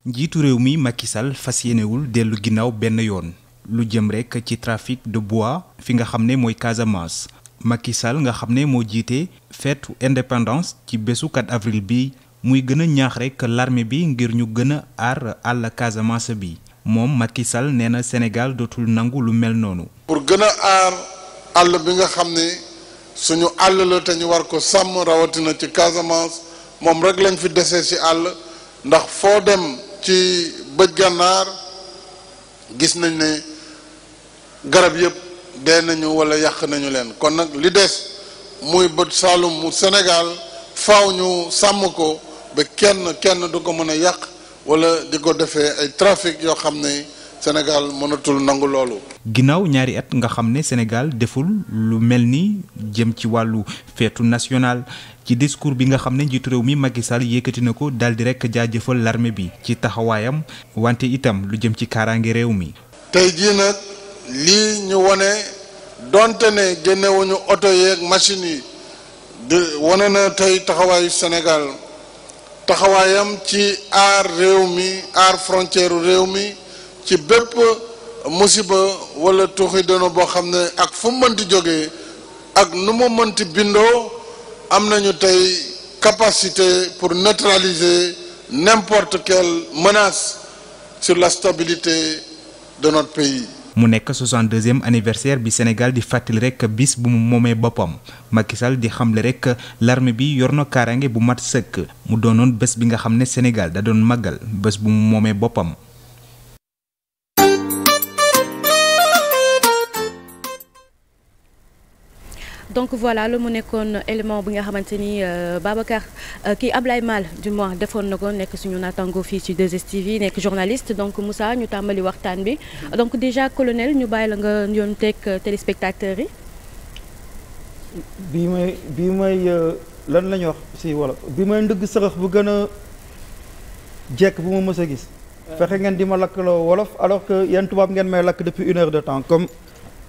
njiitu réew mi Macky Sall fas yéenewul dellu ginnaaw benn yoon lu jëm rek ci trafic de bois fi nga xam ne mooy Casamance Macky Sall nga xam ne moo jiite fête indépendance ci bésukat 4 avril bi muy gën a ñaax rek larme bi ngir ñu gën a aar àll Casamance bi moom Macky Sall nee na Sénégal dootul nangu lu mel noonu. pour gën a aar àll bi nga xam ne suñu àll la te ñu war ko sàmm rawatina ci Casamance moom rek lañ fi dese ci àll ndax foo dem. ci bëj gànnaar gis nañ ne garab yépp dee nañu wala yàq nañu leen kon nag li des muy bët saalum mu Sénégal faw ñu sàmm ko ba kenn kenn du ko mën a yàq walla di ko defee ay trafic yoo xam ne Sénégal mënatul nangu loolu. ginnaaw ñaari at nga xam ne Sénégal deful lu mel ni jëm ci wàllu feetu national ci discours bi nga xam ne njiitu réew mi Macky Sall yëkkati na ko daal di rek jaajëfal l'armée bi ci taxawaayam wante itam lu jëm ci kaaraange réew mi. tey jii nag lii ñu wone donte ne génnewuñu oto yeeg machine yi di wane na tey taxawaayu Sénégal taxawaayam ci aar réew mi aar frontière réew mi. ci bépp musiba wala tuuxi doona boo xam ne ak fu mu mënti jógee ak nu mu mënti bindoo am nañu tey capacité pour neutraliser n'importe quelle menace sur la stabilité de notre pays. mu nekk 62e anniversaire bi Sénégal di fàttali rek bis bu mu moomee boppam Macky Sall di xamle rek l'armée bi yor na kaaraange bu mat sëkk mu doonoon bés bi nga xam ne Sénégal da doon màggal bés bu mu moomee boppam. donc voilà lu mu nekkoon élément bi nga xamante ni euh, Babacar euh, kii Ablaye Mal du moins defoon na ko nekk suñu naataango fii ci 2STV nekk journaliste donc Moussa ñu tàmbali waxtaan bi donc déjà colonel ñu bàyyi la nga yoon teg euh, téléspectateurs yi. bii may bii may lan la ñu wax si wala bii may ndëgg sërëx bu gën a jekk bu ma mës gis. fexe ngeen di ma lakk loo wolof alors que yéen tubaab ngeen may lakk depuis une heure de temps comme.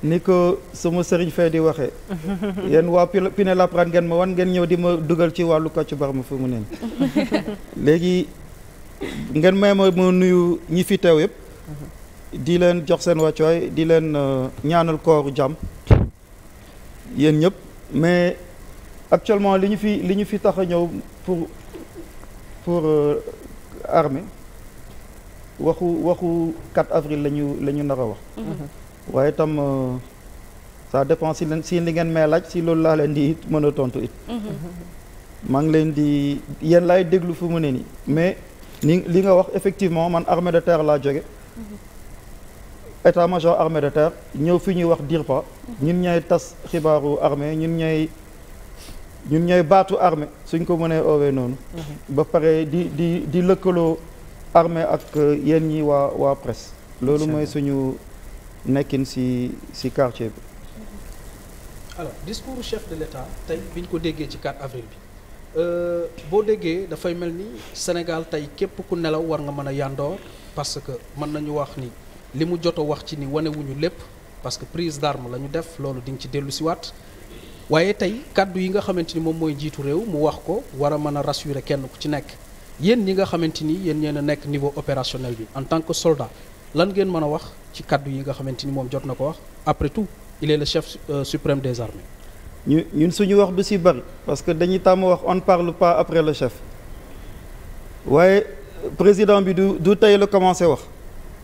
ni ko sama sëriñ fee di waxee yéen waa Pinet Laprade ngeen ma wan ngeen ñëw di ma dugal ci wàllu kàccu baax ma fu mu neen léegi ngeen may ma ma nuyu ñi fi teew yëpp di leen jox seen wàccuwaay di leen euh, ñaanal kooru jàmm yéen ñëpp mais actuellement li ñu fi li ñu fi tax a ñëw pour pour euh, armée waxu waxu 4 avril la ñu la ñu a wax mhm. waaye itam euh, ça dépend si leen si li ngeen may laaj si loolu laa leen di it mën a tontu it. Mhm. maa ngi leen di yéen laay déglu fu mu ne nii mais ni li nga wax effectivement man armée de terre laa jóge mhm. état major armée de terre ñëw fi ñuy wax DIRPA mhm. ñun ñooy tas xibaaru armée ñun ñooy ñun ñooy baatu armée suñ ko mënee oowee noonu. ba pare di di di lëkkaloo armée ak euh, yéen ñi waa waa presse. loolu mooy suñu. nekkin si si quartier bi. discours chef de l'État tey bi ñu ko déggee ci 4 avril bi euh, boo déggee dafay mel ni Sénégal tey képp ku nelaw war nga mën a yàndoor parce que mën nañu wax ni li mu jot wax ci ni wanewuñu lépp parce que prise d'arme la ñu def loolu di nga ci dellu siwaat waaye tey kàddu yi nga xamante ni moom mooy jiitu réew mu wax ko war a mën a rassurer kenn ku ci nekk yéen ñi nga xamante ni yéen ñeen a nekk niveau opérationnel bi en tant que soldat lan ngeen mën a wax ci kàddu yi nga xamante ni moom jot na ko wax après tout il est le chef euh, suprême des armées. ñu ñun suñu wax du si bari parce que dañuy tàmm wax on parle pas après le chef waaye président bi du du tey la commencé wax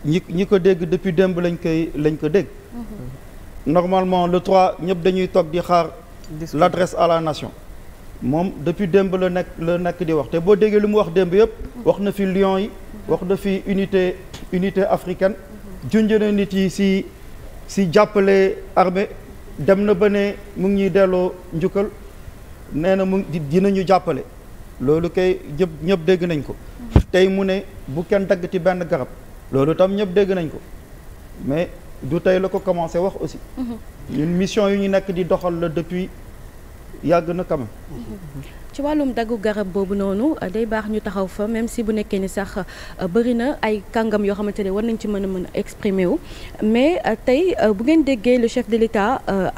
ñi ñi ko dégg depuis démb lañ koy lañ ko dégg. Mm-hmm. normalement le 3 ñëpp dañuy toog di xaar. l'adresse à la nation. moom depuis démb la nekk la nekk di wax te boo déggee li mu wax démb yëpp. Mm-hmm. wax na fi Lions yi. Mm-hmm. wax na fi unité. unité africaine junj na nit yi si si jàppale armée dem na ba ne mu ngi ñuy delloo njukkal nee na mu dinañu jàppale loolu kay ñëpp ñëpp dégg nañ ko tey mu ne bu kenn dagg ci benn garab loolu tam ñëpp dégg nañ ko mais du tey la ko commencé wax aussi mhm. ñun mission yu ñu nekk di doxal la depuis yàgg na quand ci wàllum daggu garab boobu noonu euh, day baax ñu taxaw fa même si bu nekkee ni sax euh, bëri na ay kàngam yoo xamante ne war nañ ci mën a mën a exprimer wu mais euh, tey bu ngeen déggee le chef de l'État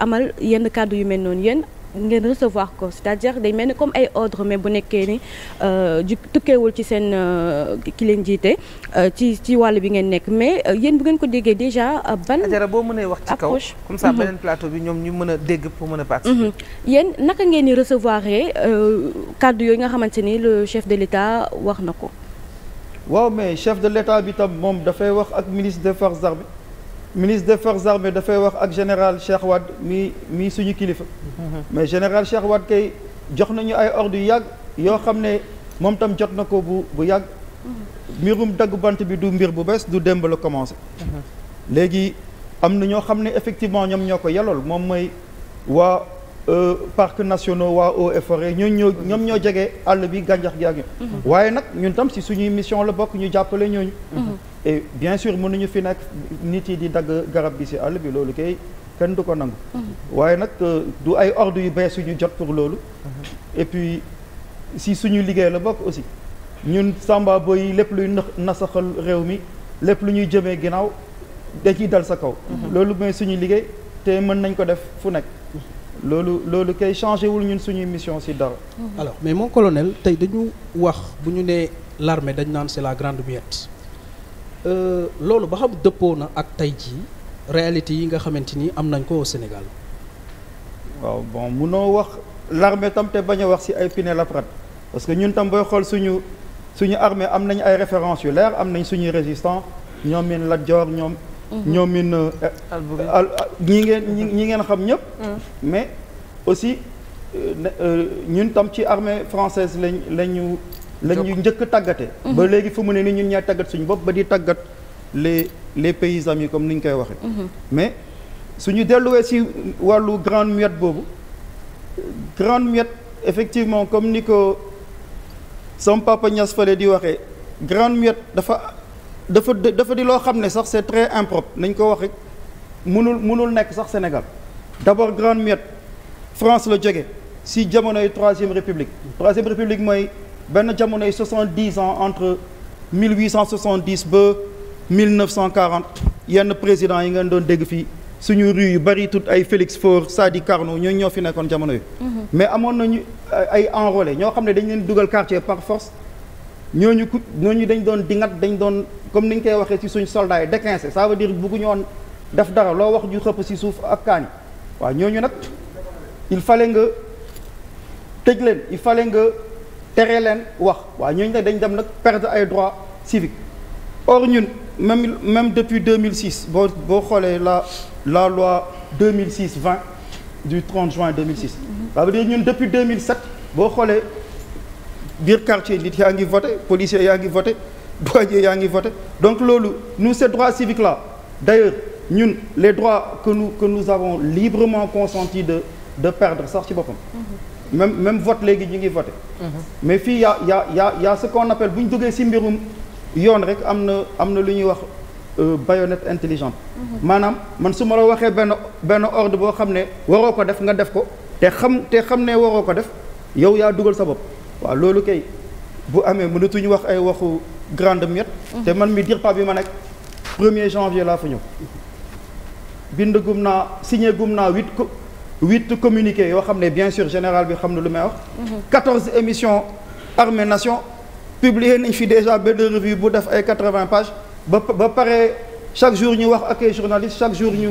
amal yenn kàddu yu mel noonu yéen ngeen recevoir ko c'est-à-dire day mel ni comme ay ordre mais bu nekkee ni euh, ju tukkeewul ci seen euh, ki leen jiite euh, ci ci wàll bi ngeen nekk mais yéen bu ngeen ko déggee déjà ban. ajara boo mënee wax ci kaw comme ça mhm. beneen plateau bi ñoom ñu mën a dégg pour mën a participer. Mhm. yéen naka ngeen di recevoir kàddu yooyu nga xamante ni le chef de l'État wax na ko. waaw mais chef de l'État bi tam moom dafay wax ak ministre des forces armées. ministre des forces armées dafay wax ak général Cheikh Wade mii mii suñu kilifa. Mhm. mais général Cheikh Wade kay jox nañu ay ordres yu yàgg yoo xam ne moom tam jot na ko bu bu yàgg. Mhm. mbirum dagg bant bi du mbir bu bees du démb la commencé. Mhm. léegi am na ñoo xam ne effectivement ñoom ñoo ko yalool moom mooy waa Euh, parcs nationau waa eaux et forêt ñoo ñoo ñoom ñoo jege àll bi gàncax gi ak ñoom. Mhm. waaye nag ñun tam si suñuy mission la bokk ñu jàppale ñooñu. Mhm. et bien mën mënuñu fi nekk nit yi di dagg garab gi si àll bi loolu kay kenn du ko nangu. Mhm. waaye nag euh, du ay ordre yu bees yu ñu jot pour loolu. et puis si suñu liggéey la bokk aussi ñun Samba Boy yi lépp luy nasaxal réew mi lépp lu ñuy jëmee ginnaaw da ciy dal sa kaw. loolu mooy suñu liggéey te mën nañ ko def fu nekk. loolu loolu kay changé wul ñun suñuy mission si dara. Mhm. alors mais mon colonel tey dañu wax bu ñu nee l'armée dañu naan c'est la grande muette euh, loolu ba xam dëppoo na ak tey jii réalité yi nga xamante ni am nañ ko Sénégal. waaw bon munoo wax l'armée tam te bañ a wax ci ay Pinet-Laprade parce que ñun tam booy xool suñu suñu armée am nañ ay références yu leer am nañ suñuy résistants ñoom Lat Joor ñoom. Mhm. ñoom in ñi ngeen ñi ngeen xam ñëpp mhm. mais aussi euh, euh, ñun tam ci armée française lañ lañu lañ ñu njëkk tàggate ba mhm. léegi fu mu ne ni ñun ñaa tàggat suñu bopp ba di tàggat le les pays amis comme ni ñu koy waxee mais suñu delluwee si wàllu grande muette boobu grande muette effectivement comme ni ko sama papa fale di waxee grande muette dafa dafa dafa di loo xam ne sax c'est très impropre nañ ko wax rek mënul nekk sax Sénégal d'abord grande muette France la jóge si jamonoy troisième république troisième république mooy benn jamonoy soixante-dix ans entre mille huit cent soixante-dix ba mille neuf cent quarante yenn président yi ngeen doon dégg fii suñu rue yu bari tout ay Félix Faure Sadi Carnot ñooñu ñoo fi nekkoon jamono yi mm-hmm. mais amoon nañu ay enrôlés ñoo xam ne dañ leen dugal quartier par force ñoo ñu ñooñu ñoo ñu dañ doon dingat dañ doon comme ni ñu koy waxee ci suñu soldaay yi déquincé ça veut dire buggu ñoon def dara loo wax ju xëpp si suuf ak kaani ñoo ñu nag il fale nga tëj leen il fale nga tere leen wax waaw ñooñu nag dañ dem nag perdre ay droits civiques or ñun même même depuis 2006 boo boo xoolee la la loi 2006 20 du 30 juin 2006. ça veut dire ñun depuis 2007 boo xoolee. biir quartier nit yaa ngi voté policier yaa ngi voté douanier yaa ngi voté donc loolu nous ces droits civiques là d'ailleurs ñun les droits que nous que nous avons librement consenti de de perdre sax ci boppam mm-hmm. même même vote léegi ñu ngi voté mm-hmm. mais fii y a y a y a y a ce qu'on appelle bu ñu duggee si mbirum yoon rek am na am na lu ñuy wax euh, baïonnette intelligente mm-hmm. maanaam man su ma la waxee benn benn ordre boo xam ne waroo ko def nga def ko te xam te xam ne waroo ko def yow yaa dugal sa bopp waaw loolu kay bu amee mënatuñu wax ay waxu grande miette mhm. te man mi DIRPA bi ma nekk premier janvier laa fa ñëw bind gum naa signé gum naa huit co communiqué yoo xam ne bien sûr général bi xam na lu may wax mhm. quatorze émissions armée nation publié nañ fi déjà benn revue bu def ay quatre-vingts pages ba ba pare chaque jour ñu wax ak ay chaque jour ñu.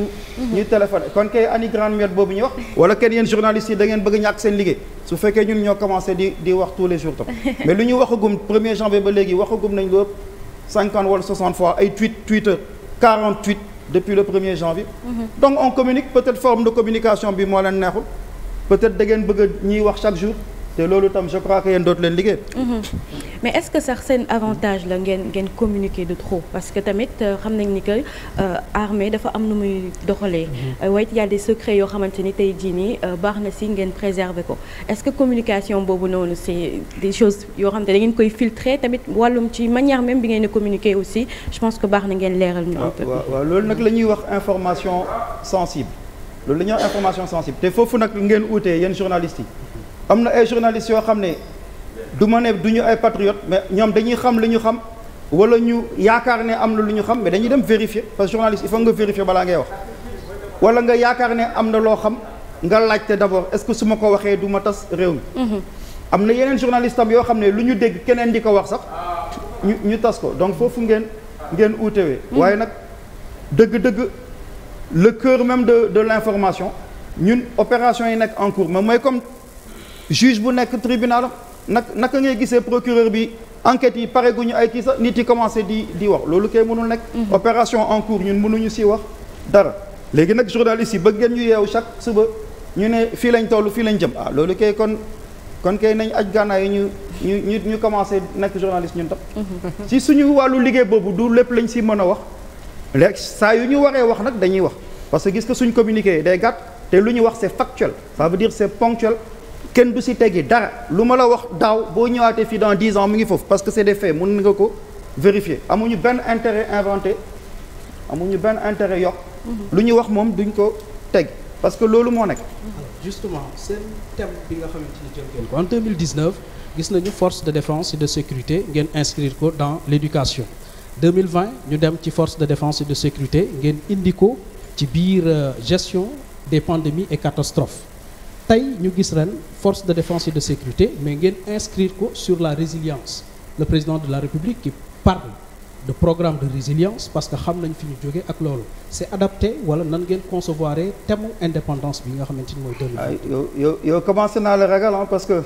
ñu téléphoné kon kay ani grande merde boobu ñu wax. wala kenn yéen journalistes yi da ngeen bëgg ñàkk seen liggéey su fekkee ñun ñoo commencé di di wax tous les jours tam. mais lu ñu waxagum 1er janvier ba léegi waxagum nañ lépp 50 wala 60 fois ay Twitter 40 tweet depuis le 1 janvier. Mhm. donc on communique peut-être forme de communication bi moo leen neexul peut-être da te loolu itam je crois que yéen dootu leen liggéey. Mhm. mais est-ce que sax seen avantage la ngeen ngeen communiqué de trop parce que tamit euh, xam nañ ni que euh, armée dafa am nu muy doxalee. Mhm. Euh, waaye it y a des yoo xamante ni tey jii nii baax na si ngeen préserver ko est-ce que communication boobu noonu c'est des choses yoo xam ne da ngeen koy filtrer tamit wàllum ci manière même bi ngeen di communiquer aussi je pense que baax na ngeen leeral. ñu un ah, waaw loolu nag la ñuy wax information sensible loolu la ñuy wax information foofu nag ngeen uutee yéen journalistes yi. am na ay journalistes yoo xam ne du ma ne du ñu ay patriotes mais ñoom dañuy xam li ñu xam wala ñu yaakaar ne am na lu ñu xam mais dañuy dem vérifier parce que journaliste il faut nga vérifier balaa ngay wax wala nga yaakaar ne am na loo xam nga laaj laajte d'abord est-ce que su ma ko waxee du ma tas réew mi. Mhm. am na yeneen journaliste tam yoo xam ne lu ñu dégg keneen di ko wax sax ñu tas ko donc foofu ngeen ngeen uutewee. Mhm. waaye nag dëgg-dëgg le cœur même de de l'information ñun opération yi nekk en juge bu nekk tribunal nag naka ngay gisee procureur bi enquête yi pare guñu ay kii sax nit yi commencé di di wax loolu kay mënul nekk. Mhm. opération en cours ñun mënuñu si wax dara. léegi nag journaliste yi bëgg ngeen ñu yeewu chaque suba ñu ne fii lañ toll fii lañ jëm ah loolu kay kon kon kay nañ aj gànnaay yi ñu ñu ñu commencé nekk journaliste ñun tam. Mhm. si suñu wàllu liggéey boobu du lépp lañ si mën a wax. léegi saa yu ñu waree wax nag dañuy wax parce que gis nga suñ communiqué day gàtt lu ñu wax c'est factuel ça veut dire c'est kenn du si teggi dara lu ma la wax daaw boo ñëwaatee fii dans dix ans mu ngi foofu parce que c'est des faits mën nga ko vérifier amuñu benn intérêt inventé amuñu benn intérêt yokk mhm. lu ñu wax moom duñ ko teg parce que loolu moo nekk justement seen thème bi nga xamante ni jël ngeen ko en gis nañu force de défense et de sécurité ngeen inscrire ko dans l'éducation 2020 ñu dem ci force de défense et de sécurité ngeen indi ko ci biir euh, gestion des pandémies et catastrophes tey ñu gis ren force de défense et de sécurité mais ngeen inscrire ko sur la résilience le président de la république qui parle de programme de résilience parce que xam nañ fi ñu jóge ak loolu c'est adapté wala nan ngeen concevoir thème indépendance bi nga xamante ni mooy dënnu. yow yow yow naa la ragal ah parce que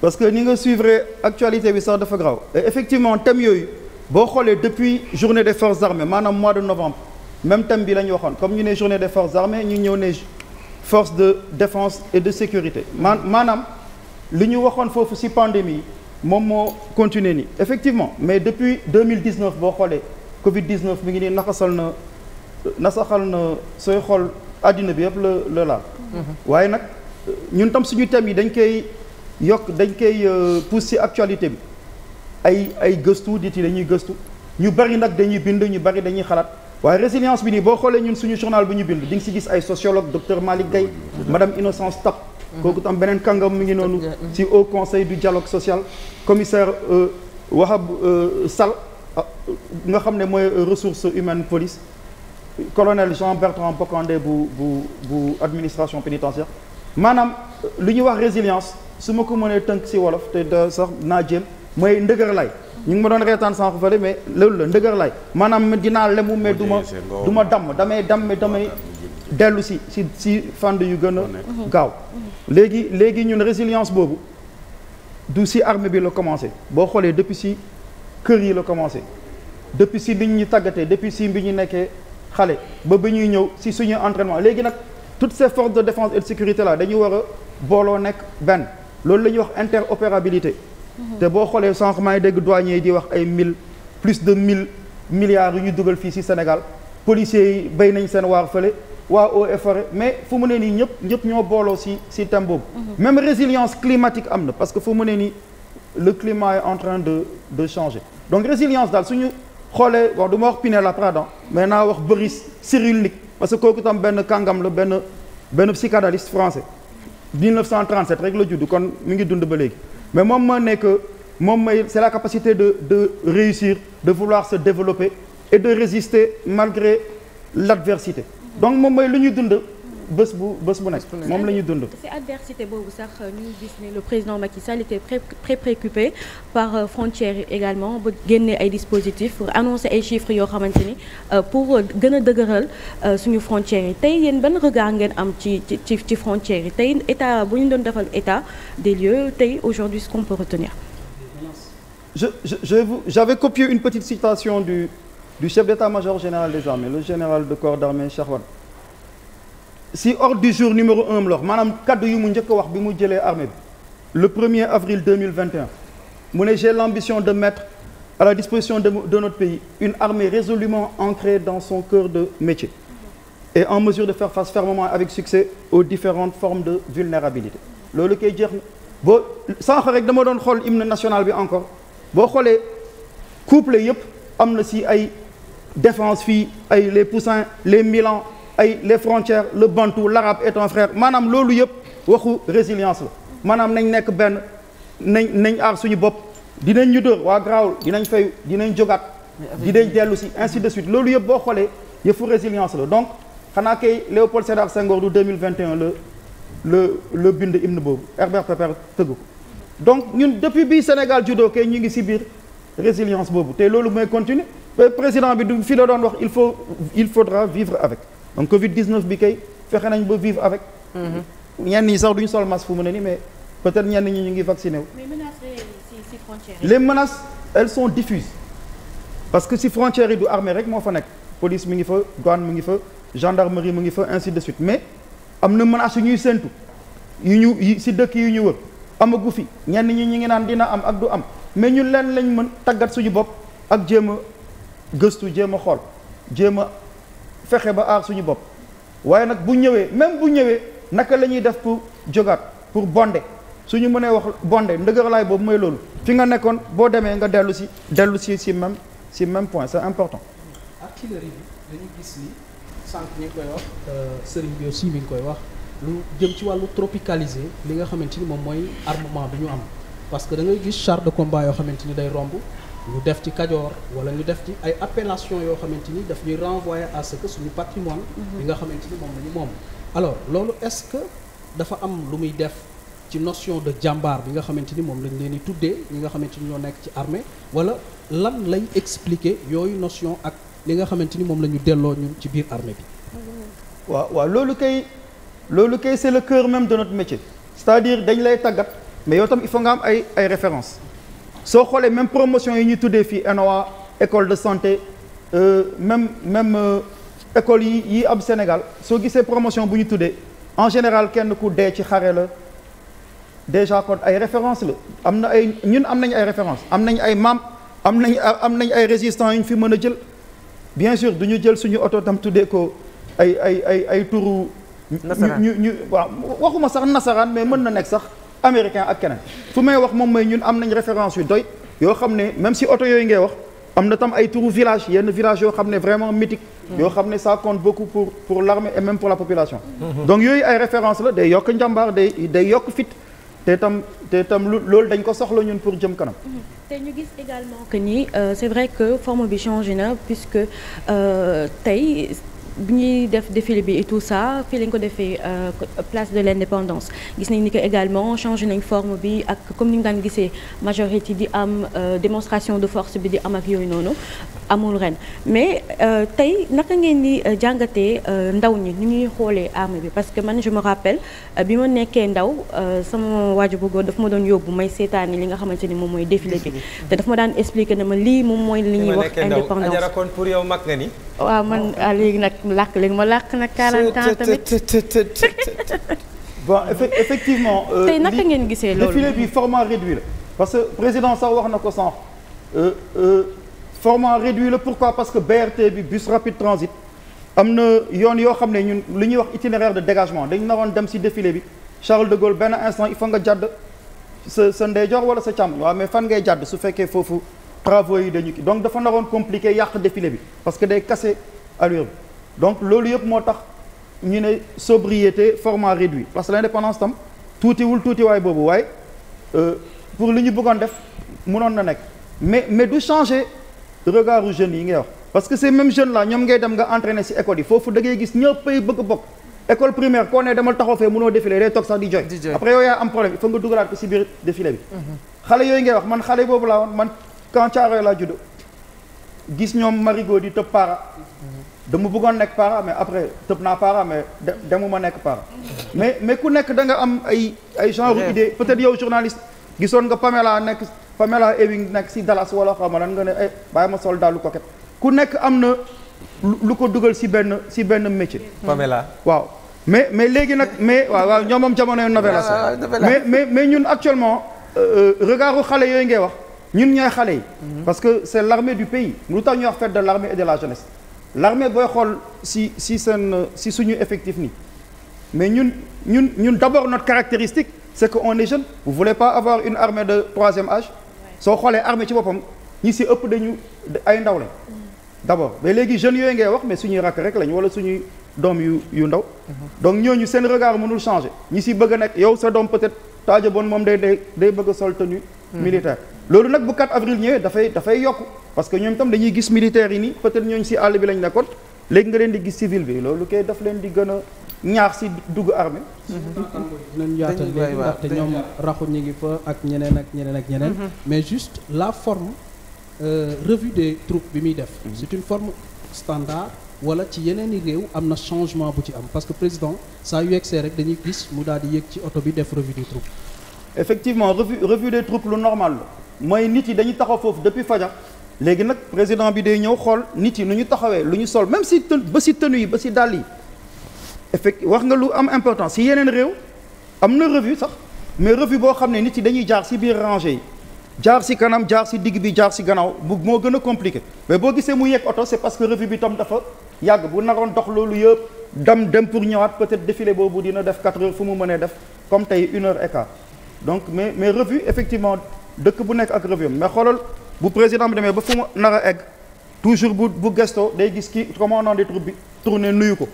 parce que ni nga suivre actualité bi sax dafa graw et effectivement thème yooyu boo xoolee depuis journée des forces armées maanaam mois de novembre même thème la ñu waxoon comme ñu ne journée des ñu ñëw ne. force de défense et de sécurité maanaam li ñu waxoon foofu ci pandémie moom moo continuer nii effectivement mais depuis 2019 boo xoolee Covid 19 mi ngi nii naxasal na nasaxal na sooy xool àddina bi yëpp la la laal. Mm-hmm. waaye nag ñun tam suñu thèmes yi dañ koy yokk dañ koy euh, pousse ci actualité bi ay ay gëstu dit yi dañuy gëstu ñu bari nag dañuy bind ñu bari dañuy xalaat. waaye résilience bi nii boo xoolee ñun suñu journal bu ñu bind di si gis ay sociologue docteur Malick Gaye madame Innocence Ntap kooku tam beneen kàngam mi ngi noonu ci haut conseil du dialogue social commissaire euh, Wahab euh, Sall ah, nga xam ne mooy ressources humaines police colonel Jean Bertrand Bocandé bu bu bu administration pénitentiaire maanaam euh, lu ñuy wax résilience su ma ko mënee tënk ci wolof te da sax naa jéem mooy ndëgër lay ñu ngi ma doon reetaan sànq fële mais loolu la ndëgër laay maanaam dinaa lemu mais du ma du ma damm damay damm damay dellu si si si fànn yu gën a gaaw léegi léegi ñun résilience boobu du si armée bi la commencé boo xoolee depuis si kër yi la commencé depuis si bi ñu tàggatee depuis si bi ñu nekkee xale ba bi ñuy ñëw si suñu entraînement léegi nag toutes ces forces de défense et de sécurité là dañu war a booloo nekk benn loolu la ñuy wax interopérabilité te boo xoolee sànq maa ngi dégg douanier di wax ay mille plus de mille milliards yu ñu dugal fii ci Sénégal policiers yi béy nañ seen waar fële waa eaux et forêt mais fu mu ne nii ñëpp ñëpp ñoo booloo ci ci thème boobu. Mhm. même résilience climatique am na parce que fu mu ne nii le climat est en train de de changer donc résilience daal suñu xoolee wax du ma wax Pinel Pradhan mais naa wax Boris Cyrulnik parce que kooku tam benn kàngam la benn benn psychanalyste français 1937 rek la judd kon mi ngi dund ba léegi. mais moom moo nekk moom mooy c'est la capacité de de réussir de vouloir se développer et de résister malgré l'adversité donc moom mooy lu ñuy dund bës bu bés bu nekk moom la ñuy dund. ci adversité boobu sax ñu gis nii le président Macky Sall était très très préoccupé par euh, frontières également ba génnee ay dispositif pour annoncer ay chiffres yoo xamante ni euh, pour gën a dëgëral euh, suñu frontières yi tey yéen ban regard ngeen am ci ci ci frontières yi tey état bu ñu doon defal état des lieux tey aujourd'hui ce qu'on peut retenir. je je je vous j'avais copié une petite citation du du chef détat si ordre du jour numéro un la maanaam kaddu yu mu njëkk wax bi mu jëlee armée bi le 1er avril 2021 mu ne j'ai l'ambition de mettre à la disposition de, de notre pays une armée résolument ancrée dans son cœur de métier et en mesure de faire face fermement avec succès aux différentes formes de vulnérabilité loolu koy jeex na boo sànq rek dama doon xool hymne national bi encore boo xoolee couple yëpp am na si ay défense fii ay les poussins les milans ay les frontières le bantou l'arabe est un frère maanaam loolu yëpp waxu résilience la maanaam nañ nekk benn nañ nañ aar suñu bopp dinañ ñu dóor waa garaawul dinañ fay dinañ jógaat dinañ dellu si ainsi de suite loolu yëpp boo xoolee yëfu résilience la donc xanaa kay Léopold Sédar Senghor du 2021 la la la bind hymne boobu Herbert Pepper tëgg donc ñun depuis bi Sénégal juddoo kay ñu ngi si biir résilience boobu te loolu mooy continuer président bi du fi la doon wax il faut il faudra vivre avec donc Covid 19 bi kay fexe nañ ba vivre avec. Mhm. ñenn ñi sax duñu sol masque fu mu ne nii mais peut-être ñenn ñi ñu ngi vacciné wu. mais menaces euh, réelles yi les menaces elles sont diffuses parce que ci frontières yi du armée rek moo fa nekk police mi ngi fa douane mi ngi fa gendarmerie mi ngi fa ainsi de suite mais am na menaces yu ñuy séntu yu ñu si dëkk yi ñu wër amagu fi ñenn ñi ñu ngi naan dina am ak du am mais ñun leen lañ mën tàggat suñu bopp ak jéem a gëstu jéem a xool jéem a. fexe ba aar suñu bopp waaye nag bu ñëwee même bu ñëwee naka la ñuy def pour jógaat pour bondé suñu mënee wax bonde ndëgëralaay boobu mooy loolu fi nga nekkoon boo demee nga dellu si dellu si si même si même point c'est important. artillerie bi dañu gis ni sànq ñu ngi koy wax euh, sëriñ bi nga koy wax lu jëm ci wàllu tropicalisé li nga xamante ni moom mooy armement bi ñu am parce que da ngay gis char de combat yoo xamante ni day romb. ñu def ci Kajoor wala ñu def ci ay appellation yoo xamante ni daf ñuy renvoyer à ce que suñu patrimoine li mhm. nga xamante ni moom la moom alors loolu est-ce que dafa am lu muy def ci notion de jàmbaar bi nga xamante ni moom lañ leen di tuddee ñi nga xamante ni ñoo nekk ci armée wala lan lay expliquer yooyu notion ak li nga xamante ni moom la ñu delloo ñu ci biir armée bi waaw waaw loolu kay loolu kay c'est le cœur même de notre métier c'est-à-dire dañ lay tàggat mais yoo tam il faut nga am ay ay références soo xoolee même promotion yi ñu tuddee fii ENOA école de santé euh, même même euh, école yi yi am Sénégal soo gisee promotion bu ñu tuddee en général kenn ku dee ci xare la déjà kon ay référence la am na ay ñun am nañ ay référence am nañ ay maam am nañ am nañ ay résistants yu ñu fi mën a jël bien sûr du ñu jël suñu oto tam tuddee ko ay ay ay ay turu. nasaraan ñu ñu waaw waxuma sax nasaraan mais mën na nekk sax. américain ak keneen su may wax moom mooy ñun am nañ référence yu doy yoo xam ne même si oto yooyu ngay wax am na tam ay turu village yenn village yoo xam ne vraiment mythique yoo xam ne ça compte beaucoup pour l'armée et même pour la population donc yooyu ay référence la day yokk njàmbaar day day yokk fit te tam loolu dañ ko soxla ñun pour jëm kanam te ñu gis également que ni euh, c'est vrai que forme bi changé na puisque euh, tey bi ñuy def défilé bi et tout ça fii lañ ko defee euh, place de l'indépendance gis nañ ni que également changé nañ forme bi ak comme ni nga daan gisee majorité di am euh, démonstration de force bi di am ak yooyu noonu amul ren mais euh, tey naka ngeen di euh, jàngatee euh, ndaw ñi ni ñuy xoolee armée bi parce que man je me rappelle bi ma nekkee ndaw sama waaju bu góor daf ma doon yóbbu may seetaani li nga xamante ni moom mooy défilé bi te daf ma daan expliqué ne ma lii moom mooy li ñuy wax indépendance Adja kon pour yow mag nga ni waaw man ah, léegi nag làkk léegi ma làkk nag 40 ans tamit bon effectivement tey naka ngeen gisee loolu défilé bi format réduit la parce que président sax wax na ko sànq format réduit la pourquoi parce que BRT bi bus rapide transit am na yoon yoo xam ne ñun lu ñuy wax itinéraire de dégagement dañ naroon dem si défilé bi Charles de Gaulle benn instant il faut nga jàdd sa sa ndeyjoor wala sa càmm waaw mais fan ngay jàdd su fekkee foofu travaux yi dañu ki donc dafa naroon compliqué yàq défilé bi parce que day kase allure bi donc loolu yëpp moo tax ñu ne sobriété format réduit parce que l'indépendance tam tuutiwul tuutiwaay boobu waaye euh, pour li ñu bëggoon def mënoon na nekk regardu jeunes yi ngay wax parce que ces mêmes jeunes là ñoom ngay dem nga entraîner ci école yi foofu da ngay gis ñëppay bëgg bokk école primaire koo ne demal taxaw fee mënoo défilé nga dugalaat ko ci biir défilé bi mhm. xale yooyu ngay wax man xale boobu laa woon man quand Thiaroye laa juddoo gis ñoom marigot di tëb para mhm. dama bëggoon nekk para mais après tëb naa para mais ma nekk para mais mais ku nekk da nga am ay ay genre idée peut-être yow journaliste gisoon nga Pamela nekk Pamela Ewing nag si Dallas wala xaw ma lan nga ne eh ma sol daalu coquette ku nekk am na lu ko dugal si benn si benn métier. Pamela waaw. mais mais léegi nag mais waaw waaw ñoom moom jamono novela ah, mais mais mais ñun actuellement euh, euh, regardu xale yooyu ngay wax ñun ñooy xale yi mhm. parce que c'est l'armée du pays lu tax ñuy wax fête de l'armée de la jeunesse l'armée booy xool si si seen si suñu effectif nii mais ñun ñun ñun d'abord notre caractéristique c'est que on est jeune vous voulez pas avoir une armée soo xoolee armée ci boppam ñi si ëpp dañu ay ndaw lañ d'abord mais léegi jeune yooyu ngay wax mais suñuy rakk rek lañ wala suñuy doom yu yu ndaw donc ñooñu seen regard mënul changer ñi si bëgg a nekk yow sa doom peut-être taaja bon moom day day day bëgg a sol tenue hmm. militaire loolu nag bu 4 avril ñëwee dafay dafay yokk parce que ñoom tam dañuy gis militaire yi nii peut-être ñooñu si àll bi lañ nekkoon léegi nga leen di gis civil bi loolu koy daf leen di gën ñaar si dugg armée dinañ yaatal léegi ndaxte ñoom raxu ñu ngi fa ak ñeneen ak ñeneen ak ñeneen mm-hmm. mais juste la forme euh, revue des bi muy def mm-hmm. c'est une forme standard wala ci yeneen i réew am na changement bu ci am parce que président saa yu yegsee rek dañuy gis mu daal di yéeg ci oto bi def revue des troupes effectivement revue revue des troupes lu normal la mooy nit yi dañu taxaw foofu depuis fajar léegi nag président bi day ñëw xool nit yi nu ñu taxawee lu ñu sol même si ba si tenue yi ba si dàll yi effect wax nga lu am importance si yeneen réew am na revue sax mais revue boo xam ne nit yi dañuy jaar si biir rangée yi jaar si kanam jaar si digg bi jaar si gannaaw bu moo gën a compliqué mais boo gisee mu yegg oto c'est parce que revue bi tam dafa yàgg bu naroon dox loolu yëpp dem dem pour ñëwaat peut-être défilé boobu dina def 4 heures fu mu mënee def comme tey une heure et quart donc mais mais revue effectivement dëkk bu nekk ak revue mais xoolal bu président bi demee ba fu mu nar a toujours bu bu gestoo day gis ki commandant des troupes bi tourné nuyu ko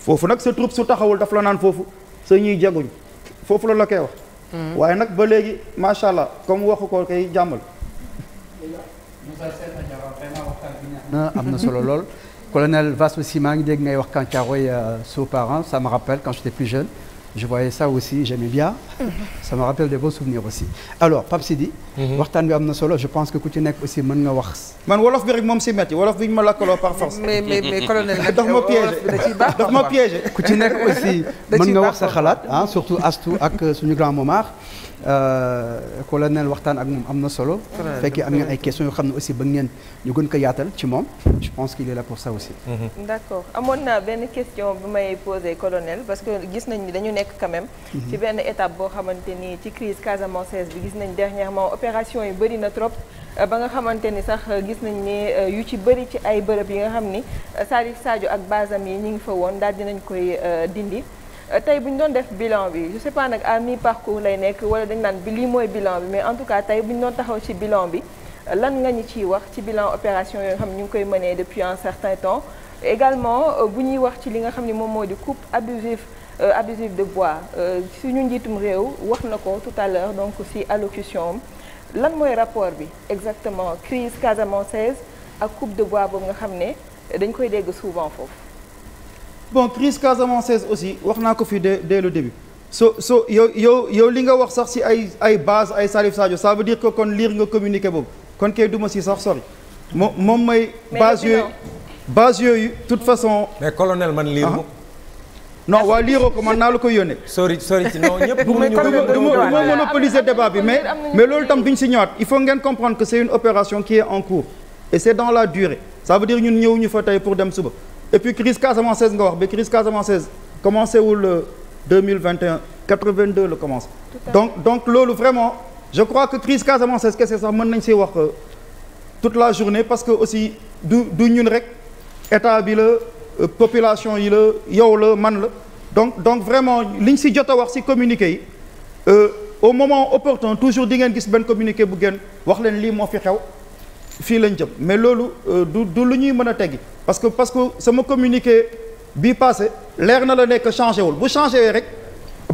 foofu nag sa troupe su taxawul daf la naan foofu sa ñuy jeguñ foofu la la koy wax hmm. waaye nag ba léegi macha allah comme waxu ko koy jàmmal am na solo lool colonel Vasse aussi maa ngi dégg ngay wax Kantiaroy euh, sous parents ça me rappelle quand j'étais plus jeune je voyais ça aussi j'aimais bien. ça me rappelle de beaux souvenirs aussi. alors Pape Sidi. Mhm. waxtaan bi am na solo je pense que ku ci nekk aussi mën nga wax. man wolof bi rek moom si métti wolof bi ñu ma lakkaloo par force. mais mais mais colonel nag daf ma piégé daf ma piégé. ku ci nekk aussi mën nga wax sa xalaat ah surtout Astou ak euh, suñu grand Momar. Euh, colonel waxtaan ak moom am na solo. fekkee am ngeen ay questions yoo xam ne aussi bëgg ngeen ñu gën ko yaatal ci moom. je pense qu'il est là pour ça aussi. Mm-hmm. d' amoon naa benn question bu may posé colonel parce que gis nañ ni dañu nekk quand même. Mm-hmm. ci benn état boo xamante ni ci crise casamançaise bi gis nañ dernièrement opération yu bëri na trop. Euh, ba nga xamante ni sax euh, gis nañ ni yu ci bëri ci ay bërëb yi nga xam ni Salif Sadio ak basam yi ñu ngi fa woon daal dinañ koy dindi. Euh, tey bu ñu doon def bilan bi je sais pas nag à parcours lay nekk wala dañ naan bi lii mooy bilan bi mais en tout cas tey bu ñu doon taxaw ci bilan bi euh, lan nga ñu ciy wax ci bilan opération yoo xam ñu ngi koy mënee depuis un certain également euh, bu ñuy wax ci li nga xam ne moom moo di coupe abusif abusif de bois suñu njiitum réew wax na ko tout à l'heure donc ci allocution lan mooy rapport bi exactement crise casamançaise ak coupe de bois boobu nga xam ne dañ koy dégg souvent foofu bon crise casamançaise aussi wax naa ko fii de dès le début so so yow yow yow li nga wax sax si ay ay base ay Salif Sadio ça veut dire que kon liir nga communiqué boobu kon kay duma si sax sori moom moom mooy base yooyu base yooyu toute façon mais colonel man lire ma ah. non liiroo ko man naa la koy yónnee. sori sori ci non ñëpp du ma monopoliser débat bi mais mais loolu tam duñ si ñëwaat il faut ngeen comprendre que c'est une opération qui est en cours et c'est dans la durée ça veut dire ñëw ñu fa tey pour dem suba et puis crise casamançaise nga wax ba crise casamançaise commencé wul 2021 82 la commencé donc donc loolu vraiment je crois que crise casamançaise kese sax mën nañ si wax euh, toute la journée parce que aussi du du ñun rek état bi la euh, population yi la yow la man la donc donc vraiment li ñu si jot a wax si communiqué yi euh, au moment opportun toujours di ngeen gis benn communiqué bu génn wax leen lii moo fi xew fii lañ jëm mais loolu du du lu ñuy mën a teggi parce que parce que sama bi bii passé leer na la nekk changé wul bu changé rek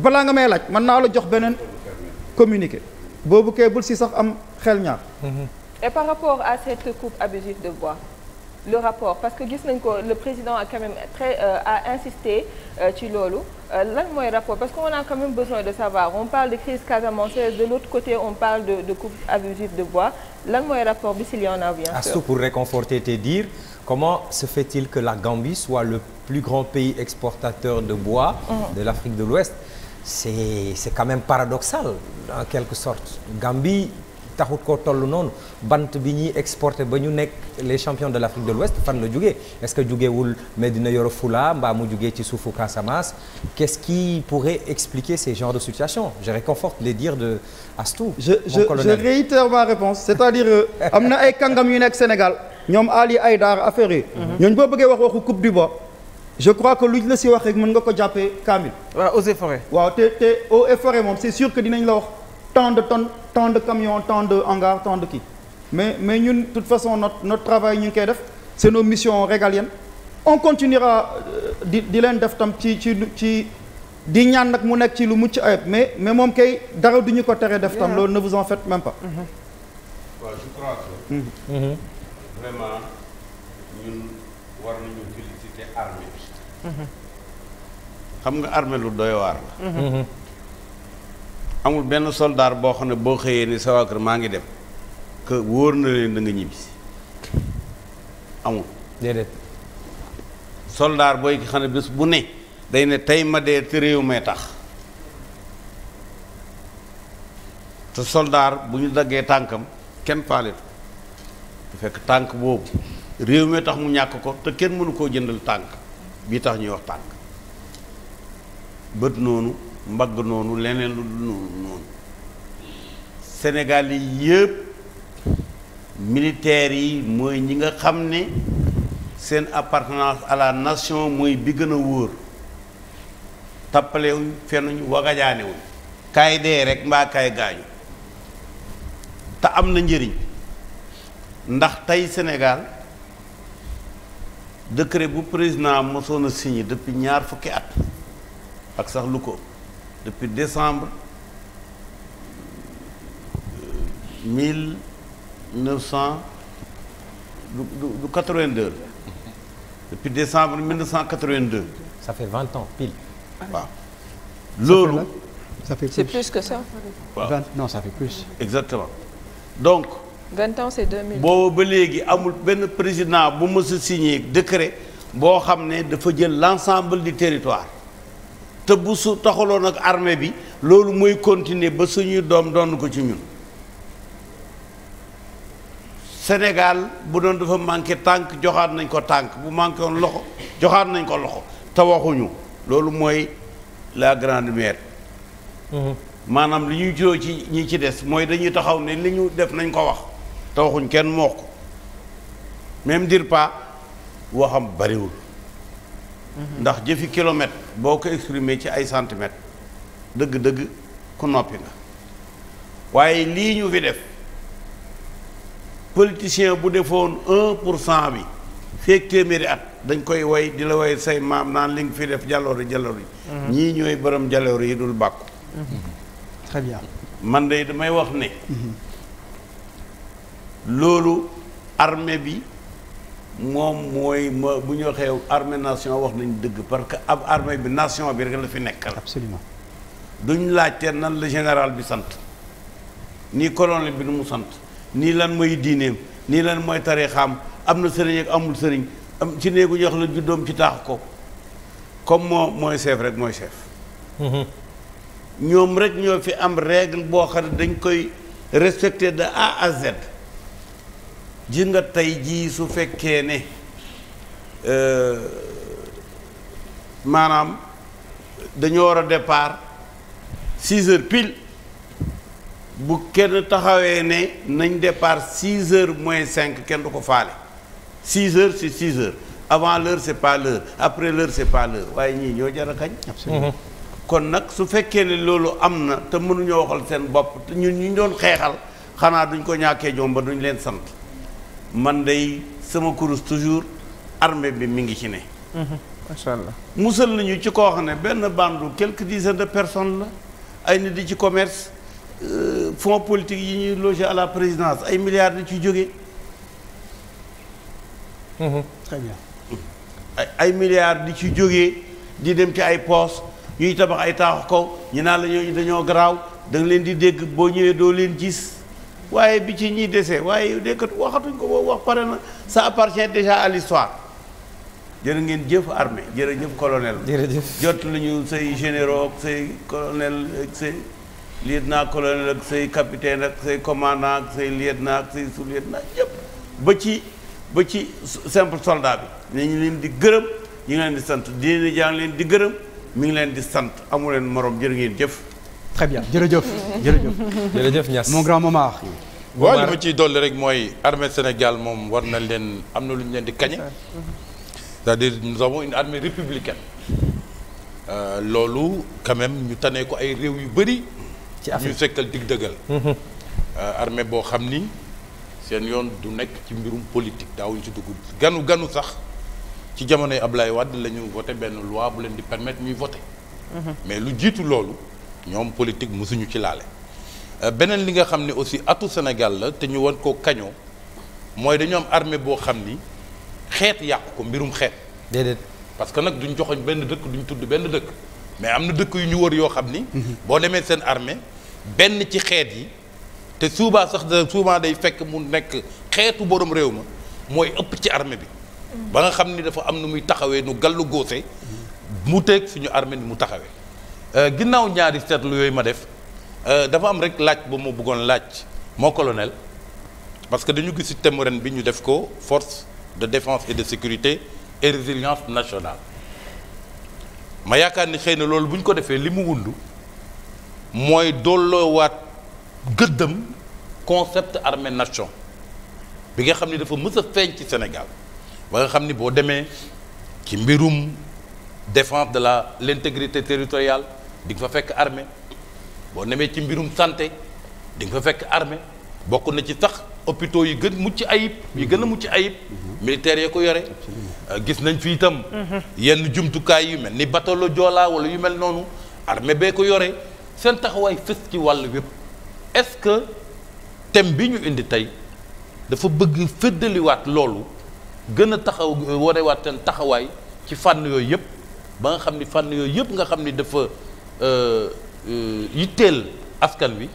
balaa nga may laaj mën naa la jox beneen communiqué boobu kay bul si sax am xel ñaar. Mm-hmm. par rapport à cette coupe abusive de bois. le rapport parce que gis nañ ko le président a euh, insisté euh, ci loolu euh, lan mooy rapport parce que on a quand même besoin de savoir on parle de crise casamançaise de l'autre côté on parle de coupe abusive de bois lan mooy rapport bi a bien ah, Comment se fait-il que la Gambie soit le plus grand pays exportateur de bois mhm. de l'Afrique de l'Ouest C'est quand même paradoxal, en quelque sorte. Gambie taxut koo toll noonu bant bi ñuy exporté ba ñu nekk les champions de l'Afrique de l'Ouest fan la jógee est-ce que jógeewul Médina Yoro Foulah mbaa mu jógee ci suufu Casamance qu'est-ce qui pourrait expliquer ces genres de situations je réconforte les dires de Astou je je je réitère ma réponse c'est-à-dire euh, am na ay kàngam yu nekk Sénégal ñoom Ali Aïdar affaire yi. Mhm. ñooñu boo bëggee wax waxu coupe du bois. je crois que luñ la si wax rek mën nga ko jàppe Kamil. waaw eaux et forêt. te te eaux et moom c'est sûr que dinañ la wax tant de tonnes tant de camions tant de hangars tant de kii mais mais ñun de toute façon notre notre ñu ngi koy def c'est nos missions régaliennes on continuera euh, di di leen def tam ci ci ci. di ñaan nag mu nekk ci lu mucc ayib mais mais moom kay dara duñu ko tere def tam loolu ne vous en faites même mm-hmm. mm-hmm. Mm-hmm. xam nga armée lu doy waar la. amul benn soldat boo xam ne boo xëyee ni sa maa ngi dem que wóor na leen da ñibbisi amul. déedéet booy xam ne bés bu ne. day ne tey ma dee te réew mee tax te soldaar bu ñu daggee tànkam kenn paaletu bu fekk tànk boobu réew mee tax mu ñàkk ko te kenn mënu koo jëndal tànk bii tax ñuy wax tànk bët noonu mbagg noonu leneen lu dul noonu noonu Sénégal yi yëpp militaires yi mooy ñi nga xam ne seen appartenance à la nation mooy bi gën a wóor tappalewuñ fenuñ wagajaanewuñ kay dee rek mbaa kaay gaañu te am na njëriñ ndax tey Sénégal décret bu président mosoon si signé depuis ñaar fukki at ak sax lu ko depuis décembre euh, mille neuf cent du du quatre-vingt-deux depuis décembre mille waaw loolu ça fait plus que ça. waaw vingt non exactement donc. vingt ans c'est deux mille. ba léegi amul benn président bu mës a signé boo xam ne dafa jël l'ensemble di territoire te bu su taxaloon ak armée bi loolu mooy continuer ba suñuy doom doon ko ci ñun. Sénégal bu doon dafa manqué tànk joxaat nañ ko tànk bu manqué woon loxo joxaat nañ ko loxo te waxuñu. loolu mooy la grande mère. Mhm. maanaam li ñuy juróo ci ñi ci des mooy dañuy taxaw ne li ñu def nañ ko wax te kenn moo ko même dire pas waxam bariwul mhm. ndax jëfi kilomètre boo ko exprimer ci ay centimètres dëgg-dëgg ku noppi nga waaye lii ñu fi def politicien bu defoon un pour cent bi feek téeméeri at dañ koy woy di la woy say maam naan li nga fi def jaloor yi jaloor yi mhm. ñii ñooy borom jaloor yi dul bàkku mhm. très man de damay wax ne mhm. loolu armée bi moom mooy ma bu ñu waxee armée nation wax nañu dëgg parce que ab armée bi nation bi rek la fi nekkal absolument duñ laajte nan la général bi sant nii colonel bi nu mu sant nii lan mooy diineem nii lan mooy tarixaam am na sëriñ ak amul sëriñ am ci néegu jox la juddoom ci taax ko comme moo mooy chef rek mooy chef mhm. ñoom rek ñoo fi am règle boo xam ne dañ koy respecté de A à Z ji nga tey jii su fekkee ne euh, maanaam dañoo war a départ six heures pile bu kenn taxawee ne nañ départ six heures moins cinq kenn du ko faale 6 heures c'est 6 heures avant l'heure c'est pas l'heure après l'heure c'est pas l'heure waaye ñii ñoo jar a mm-hmm. kon nag su fekkee ne loolu am na te mënuñoo waxal seen bopp te ñun ñu doon xeexal xanaa duñ ko ñàkkee jom ba duñ leen sant man day sama kurus toujours armée bi mi ngi ci ne mm-hmm. macha allah musal nañu ci koo xam ne benn bandu quelques dizaines de personne la ay nit di ci commerce euh, fonds politique yi ñuy loger à la présidence ay milliards di ci jóge très bien. ay milliards di ci jógee di dem ci ay poos ñuy tabax ay taax kaw ñu naa la ñooñu dañoo garaaw da leen di dégg boo ñëwee doo leen gis waaye bi ci ñiy desee waaye dékkat waxatuñ ko boobu wax pare na sa appartient déjà à l'histoire jërë ngeen jëf armée jërëjëf colonel. jërëjëf jot lañu say généraux ak say colonel ak say lieutenant colonel ak say capitaine ak say commandant ak say lieutenant ak say sous-lieutenant yëpp ba ci. ba ci simple soldat bi ñu leen di gërëm ñu ngi leen di sant diine jaa ngi leen di gërëm mu ngi leen di sant amu leen morom jërë ngeen jëf. très bien jërëjëf. jërëjëf jërëjëf Niass. mon grand Momar. waaw li ma ciy dolli rek mooy armée Sénégal moom war na leen am na lu ñu leen di kañe. c'est-à-dire nous avons une armée républicaine. Euh, loolu quand ñu tane ko ay réew yu bëri. ci Afrique ñu sekkal dig dëggal. Mhm. Euh, armée boo xam ni. seen yoon du nekk ci mbirum politique daawuñu ci dugub ganu ganu sax ci jamonoy Ablaye Wade la ñu voté benn loi bu leen di permettre ñuy voté. Mhm. mais lu jiitu loolu ñoom politique mosuñu ci laale. Euh, beneen li nga xam ne aussi atu Sénégal la te ñu war koo kañoo mooy dañu am armée boo xam ni xeet yàq ko mbirum xeet. déedéet parce que nag duñ joxoñ benn dëkk duñ tudd benn dëkk. mais am na dëkk yu ñu wër yoo xam ni. Mhm. boo demee seen armée benn ci xeet yi. te souvent sax souvent day fekk mu nekk xeetu borom réew ma mooy ëpp ci armée bi. ba nga xam ni dafa am nu muy taxawee nu gallu goose mu teg suñu armée ni mu taxawee. Euh, ginnaaw ñaari seetlu yooyu ma def euh, dafa am rek laaj ba mu bëggoon laaj moo kolonel parce que dañu gis ci thème bi ñu def ko force de défense et de sécurité et résilience nationale. ma yaakaar ni xëy na loolu buñ ko defee li mu wund mooy dolloowaat gëddam concept armée nation bi nga xam ni dafa mës a feeñ ci Sénégal ba nga xam ni boo demee ci mbirum défense de la l'intégrité territoriale di nga fa fekk armée boo demee ci mbirum santé di nga fa fekk armée bokk na ci sax opito yi gën mucc ayib yi gën a mucc ayib militaires ya ko yore gis nañ fi itam mhm. yenn jumtukaay yu mel ni batolo Joola wala yu mel noonu armée bee ko yore seen taxawaay fës ci wàll yépp est-ce que thème bi ñu indi tey dafa bëgg fëddaliwaat loolu gën a taxaw wanewaat seen taxawaay ci fànn yooyu yëpp ba nga xam ni fànn yooyu yëpp nga xam ni dafa euh, euh, yitteel askan wi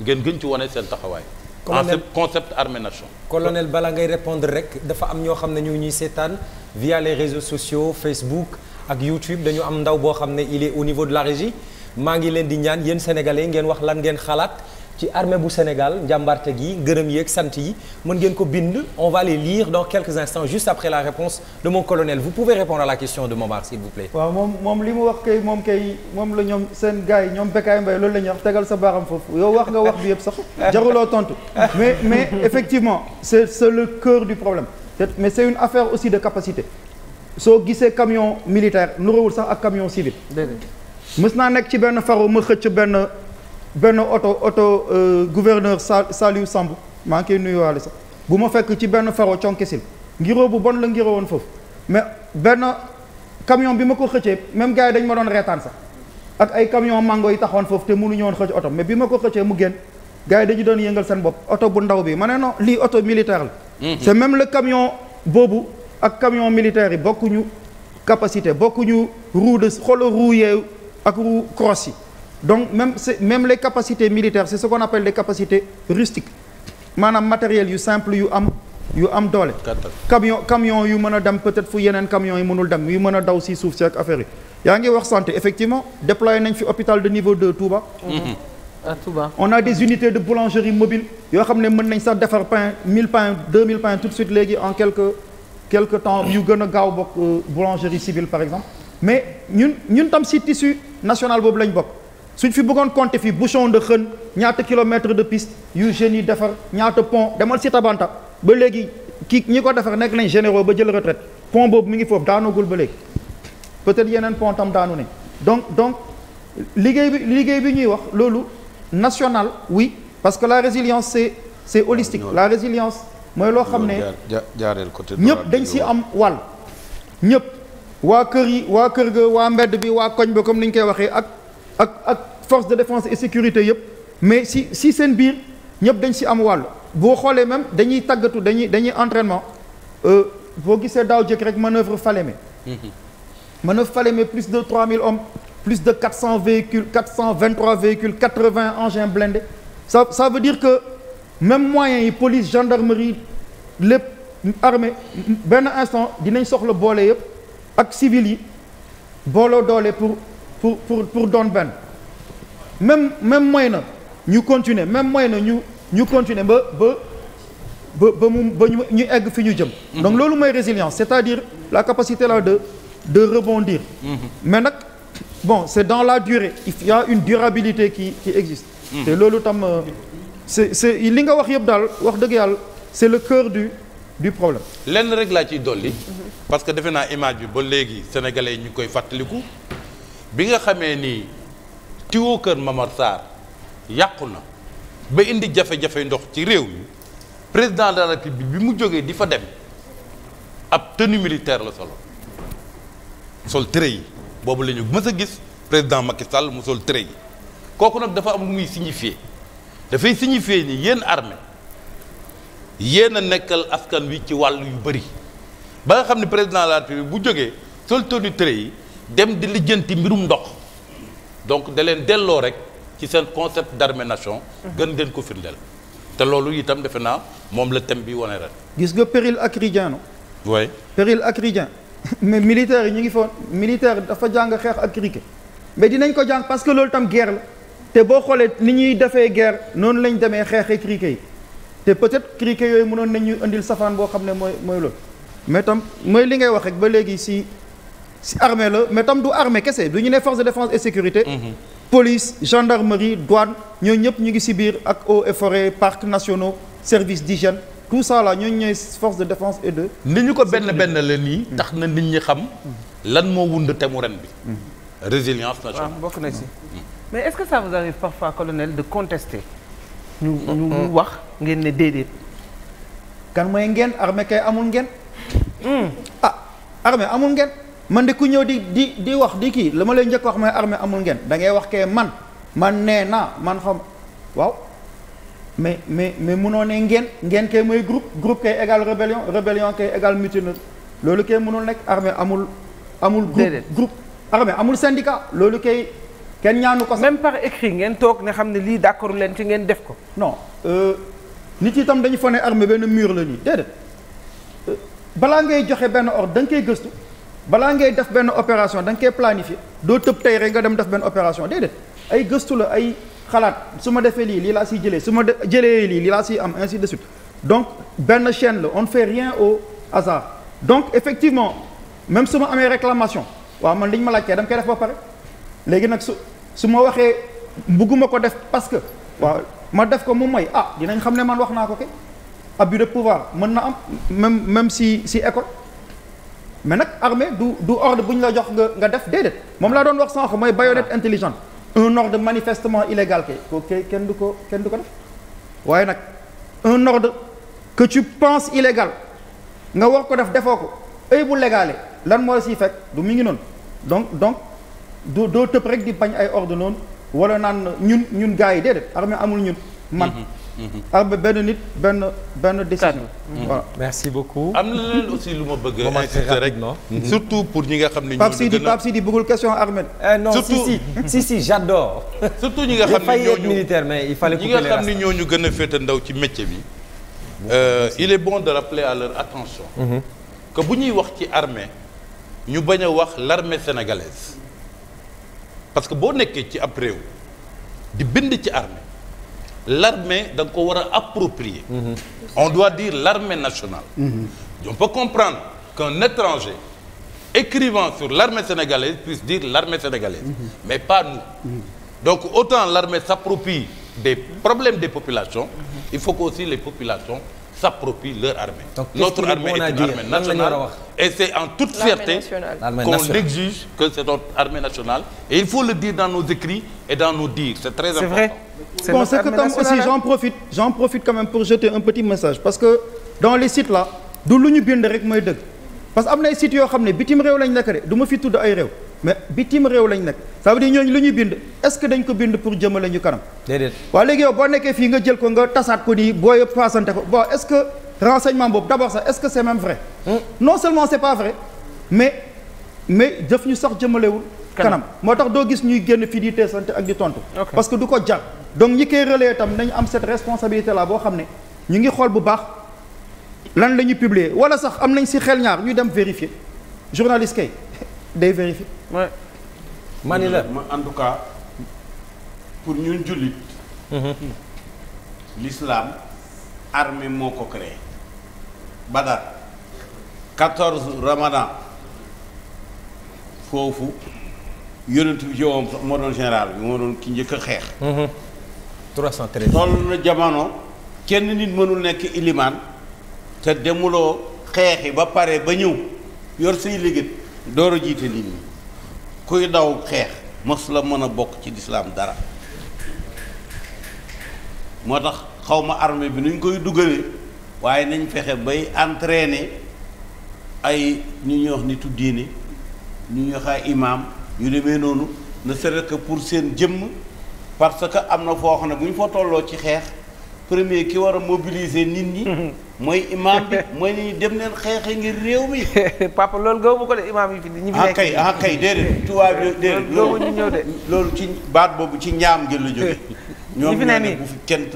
ngeen gën ci wane seen taxawaay. colonel concept armée nation. colonel balaa ngay répondre rek dafa am ñoo xam ne ñu ñuy seetaan via les réseaux sociaux Facebook ak YouTube dañu am ndaw boo xam ne il au niveau de la régie maa ngi leen di ñaan yéen sénégalais ngeen wax lan ngeen xalaat. ci armée bu Sénégal njàmbarte gi ngërëm yeeg sant yi mën ngeen ko bind on va les lire dans quelques instants juste après la réponse de mon colonel vous pouvez répondre à la question de Momar s'il vous plaît. waaw moom li mu wax kay moom kay moom la ñoom seen gars yi ñoom Bekkaay Mbaye loolu la ñuy tegal sa baaram foofu yow wax nga wax bi yëpp sax jaruloo tontu mais mais effectivement c'est le cœur du problème mais c'est une affaire aussi de capacité soo benn oto oto euh, gouverneur Saliou Samb maa ngi koy nuyuwaale sax bu ma fekk ci benn faro conkisil ngiroo bu bon la ngiroo woon foofu mais benn camion bi ma ko xëccee même gars dañ ma doon reetaan sax ak ay camion mango yi taxoon foofu te mënuñu woon xëcc oto mais bi ma ko xëccee mu génn gars yi dañu doon yëngal seen bopp oto bu ndaw bi ma ne non lii oto militaire la mm-hmm. c'est même le camion boobu ak camion militaire yi bokkuñu capacité bokkuñu roue de xoolal roue yeew ak roue cross yi donc même c'est même les capacités militaires c'est ce qu'on appelle des capacités rustiques maanaam matériel yu simple yu am yu am doole camion camion yu mën a dem peut-être fu yeneen camion yi mënul dem yu mën a daw si suuf si ak affaire yaa ngi wax santé effectivement déployé nañ fi hôpital de niveau 2 Touba mm-hmm. à on a des unités de boulangerie mobile yoo xam ne mën nañ sax defar pain 1000 pain 2000 pain tout de suite léegi en quelque quelque temps yu gën a gaaw bokk euh, boulangerie civile par exemple mais ñun ñun tam si tissu national boobu lañ bokk suñ fi bëggoon compter fii bouchon de xën ñaata kilomètre de piste yu jeunes defar ñaata pont demal si Tabanta ba léegi kii ñi ko defar nekk nañ généraux ba jël retraite pont boobu mu ngi foofu daanagul ba léegi peut-être yeneen pont tam daanu ne donc donc liggéey bi liggéey bi ñuy wax loolu national wi parce que la résilience c'est c'est holistique la résilience mooy loo xam ne ñëpp dañ si am wal ñëpp waa kër yi waa kër ga waa mbedd bi waa koñ bi comme ni ñu koy waxee ak ak ak force de défense et sécurité yëpp mais si si seen biir ñëpp dañ si am wàll boo xoolee même dañuy tàggatu dañuy dañuy entraînement euh, boo gisee daaw jëkk rek manœuvre Falémé mhm. manœuvre Falémé plus de 3000 hommes plus de 400 véhicules 423 véhicules 80 engins blindés ça ça veut dire que même moyens yi police gendarmerie lépp armée benn instant dinañ soxla boole yëpp ak civil yi booloo doole pour pour pour pour doon benn même même mooy na ñu continuer même mooy na ñu ñu continuer ba ba ba ba mu ba ñu egg fi ñu jëm mhm. donc loolu mooy résilience c'est-à-dire la capacité là de de rebondir mhm. mais nag bon c'est dans la durée il y a une durabilité qui qui existe mhm. te loolu tam euh, c'est c'est li nga wax yëpp daal wax dëgg yàlla c'est le cœur du du problème lenn rek laa ciy dolli parce que defe naa image bi ba léegi sénégalais yi ñu koy fàttaliku bi nga xamee nii tiwo kër Mamar Sarr yàqu na ba indi jafe-jafe ndox ci réew mi président de la bi mu jógee di fa dem ab tenue militaire la solo sol trait yi boobu lañu ñu mës a gis président Macky Sall mu sol trait yi kooku nag dafa am lu muy signifier dafay signifier ni yéen armée yéen a nekkal askan wi ci wàll yu bëri ba nga xam ne président de la république bu jógee sol tenue trait yi dem di lijjanti mbirum ndox donc da leen delloo rek ci seen concept d'armée nation mhm. gën leen ko firndeel te loolu itam defe naa moom la thème bi wane ren gis nga péril acridien no oui péril acridien mais militaire yi ñu ngi foon militaire dafa jàng xeex ak criquet mais dinañ ko jàng parce que loolu tam guerre la te boo xoolee ni ñuy defee guerre noonu lañ demee xeexee criquet yi te peut-être criquet yooyu mënoon nañ ñuy indil safaan boo xam ne mooy mooy loolu mais tam mooy li ngay wax rek ba léegi si si armée la mais tam du armée kese du ñu ne force de défense et sécurité. Mhm. police gendarmerie douane ñoo ñëpp ñu ngi si biir ak o et forêt parcs nationaux service d'hygiène tout ça là ñooñu ñooy force de défense et de. ni ñu ko benn benn la nii. Mhm. tax na nit ñi xam. lan moo wund te mu ren bi. Mhm. résilience nationale na si. mais est-ce que ça vous arrive parfois colonel de contester. ñu ñu ñu wax ngeen ne déedéet. kan mooy ngeen armée kay amul ngeen. Hmm. ah armée amul ngeen. man de ku ñëw di di di wax di kii la ma lay njëkk wax mooy armee amul ngeen da ngay wax kee man man nee naa man xam waaw mais mais mais mënoo ne ngeen ngeen kay mooy groupe group kay égal rébellion rébellion kay égal mutinerie loolu kay mënul nekk armée amul amul groupe groupe armée amul syndicat loolu kay kenn ñaanu ko sax même par écrit ngeen toog ne xam ne lii d'accord leen ci ngeen def ko non euh, nit itam dañu fa ne armée benn mur la nii déedéet euh, balaa ngay joxe benn ordre da koy gëstu balaa ngay def benn opération da nga koy planifier doo tëb tey rek nga dem def benn opération de ay gëstu la ay xalaat su ma defee lii lii laa si jëlee su ma def jëlee lii lii laa si am ainsi de suite donc benn chaine la on ne fait rien au hasard donc effectivement même su ma amee réclamation waaw man li ñu ma laajtee da nga koy def ba pare léegi nag su su ma waxee bugguma ko def parce que waaw ma def ko mu may ah dinañ xam ne man wax naa ko kay abus de mën na am même même si si école mais nag armée du du ordre bu ñu la jox nga nga def déedéet moom laa doon wax sànq mooy baïonnette intelligente un ordre manifestement illégal kay ko kenn du ko kenn du ko def waaye nag un ordre que tu penses illégal nga war ko def defoo ko ay bu légale lan moo siy fekk du mi ngi noonu donc donc doo doo tëb rek di bañ ay orde noonu wala naan ñun ñun gars yi déedéet armée amul ñun man mm-hmm. Mm-hmm. ah benn nit benn benn décision. Mm-hmm. voilà beaucoup. am na leneen aussi lu ma bëgg a insister rek mm-hmm. surtout pour ñi nga xam ne. ñoo ñu gën a Pape Sidi question Ahmed. Eh, non surtout si ñi nga xam ne ñoo ñu mais il fallait ñi nga xam ne ñoo ñu gën a féete ndaw ci métier bi. Euh, il est bon de rappeler à leur attention. que bu ñuy wax ci armée ñu bañ a wax l'armée sénégalaise parce que boo nekkee ci ab réew di bind ci armée l'armée da nga ko war a approprier on doit dire l'armée nationale mhm. on peut comprendre qu'un étranger écrivant sur l'armée sénégalaise puisse dire l'armée sénégalaise mhm. mais pas nous mhm. donc autant l'armée s'approprie des problèmes des populations il faut que aussi les populations s'approprie leur armée. Donc, notre armée est une armée nationale et c'est en toute fierté qu'on exige que c'est notre armée nationale et il faut le dire dans nos écrits et dans nos bon c'est que comme aussi j'en profite j'en profite pour jeter un petit message parce que dans les sites là du lu ñu bind rek mooy dëgg parce am na ay sites yoo xam ne bitim réew lañ nekk de du ma fi tudd ay réew mais bitim réew lañ nekk ça veut dire ñooñu lu ñu bind est-ce que dañ ko bind pour jëmale ñu kanam déedéet waaw léegi yow boo nekkee fii nga jël ko nga tasaat ko nii boo yëpp ko bon est-ce que renseignement boobu d'abord sax est-ce que c'est même vrai hmm. non seulement c'est ñu sax jëmalewul kanam moo tax doo gis ñuy génn fii di teesante ak di tontu. parce que du ko jar donc ñi koy relayer itam nañu am cette responsabilité là boo xam ne ñu ngi xool bu baax lan la publier wala sax am nañ si xel ñaar ñuy dem vérifier journaliste kay day vérifier. waaw ma ni la en tout pour ñu jullit. l'islam armée moo ko créé. Badar 14 Ramadan foofu. yonent bi ci moom moo doon général bi moo doon ki njëkk a xeex. 313. Mhm. na jamono kenn nit mënul nekk ilimaan te demuloo xeexi ba pare ba ñëw yor say liggéey door a jiite nit ñi kuy daw xeex mos la mën a bokk ci lislaam dara moo tax xawma ma armée bi nuñ koy dugalee waaye nañ fexe bay entraîner ay ñu ñuy wax nitu diine ñu ñuy imaam. yu demee noonu ne serait que pour seen jëmm parce que am na foo xam ne bu ñu fa tolloo ci xeex premier ki war a mobiliser nit ñi. mooy imaam bi mooy ni dem leen xeexe ngir réew mi. papa loolu gëmu ko de imaam yi fi ñi fi ah nekk. ah kay ah déedéet. tubaab yi déedéet loolu ci baat boobu ci ñaam gi la jógee. ñoom ñoo ne bu fi kenn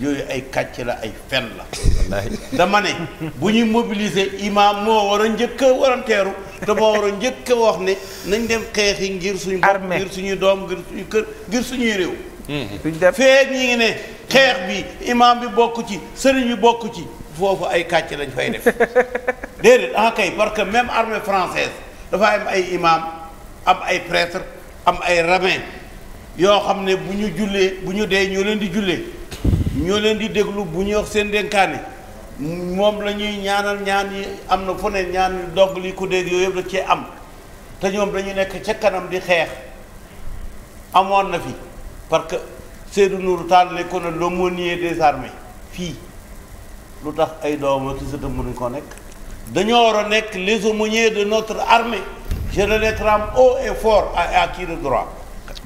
yooyu ay kacc la ay fen la. dama ne bu ñuy mobiliser imaam moo war a njëkk a teeru. te moo njëkk a wax ne nañ dem yi ngir suñu bopp ngir suñuy doom ngir suñu kër ngir suñuy réew mm-hmm. feeg ñi ngi ne xeex bi imaam bi bokk ci sëriñ bi bokk ci foofu ay kàcc lañu fay def de ah kay parce que même armée française dafa am ay imaam am ay prêtre am ay rabbin yoo xam ne bu ñu jullee bu ñu dee ñoo leen di jullee ñoo leen di déglu bu ñu wax seen dénkaane moom la ñuy ñaanal ñaan yi am na fu ne ñaan yu dogg li ku dégg yooyu yëpp da cee am te ñoom dañu nekk ca kanam di xeex amoon na fi parce que Seydou Nourou Tall nekkoon na l'aumônier des armées fii lu tax ay dooma ki sëtam nuñ ko nekk dañoo war a nekk les aumôniers de notre armée je le réclame haut et fort à acquis de droit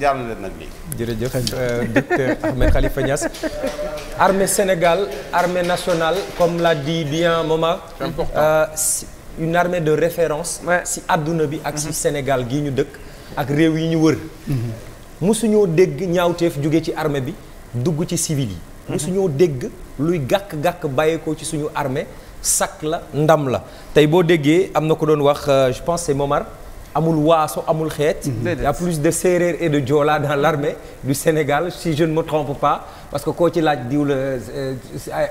jàll leen nag léegi. jërëjëf euh, docteur Ahmed Khalifa Niass. armée Sénégal armée nationale comme l'a dit bien Moma. Euh, une armée de référence. si àdduna bi ak si mhm. Sénégal gii ñu dëkk. ak réew yi ñu wër. Mhm. mosuñoo dégg ñaawteef jóge ci armée bi dugg ci civil yi. Mhm. mosuñoo dégg luy gàkk-gàkk bàyyeekoo ci suñu armée sakk la ndam la tey boo déggee am na ko doon wax euh, je pense c'est Momar. amul waaso amul xeet y a plus de séeréer et de joola dans l'armée du Sénégal si je ne me trompe pas parce que koo ci laaj diw la euh,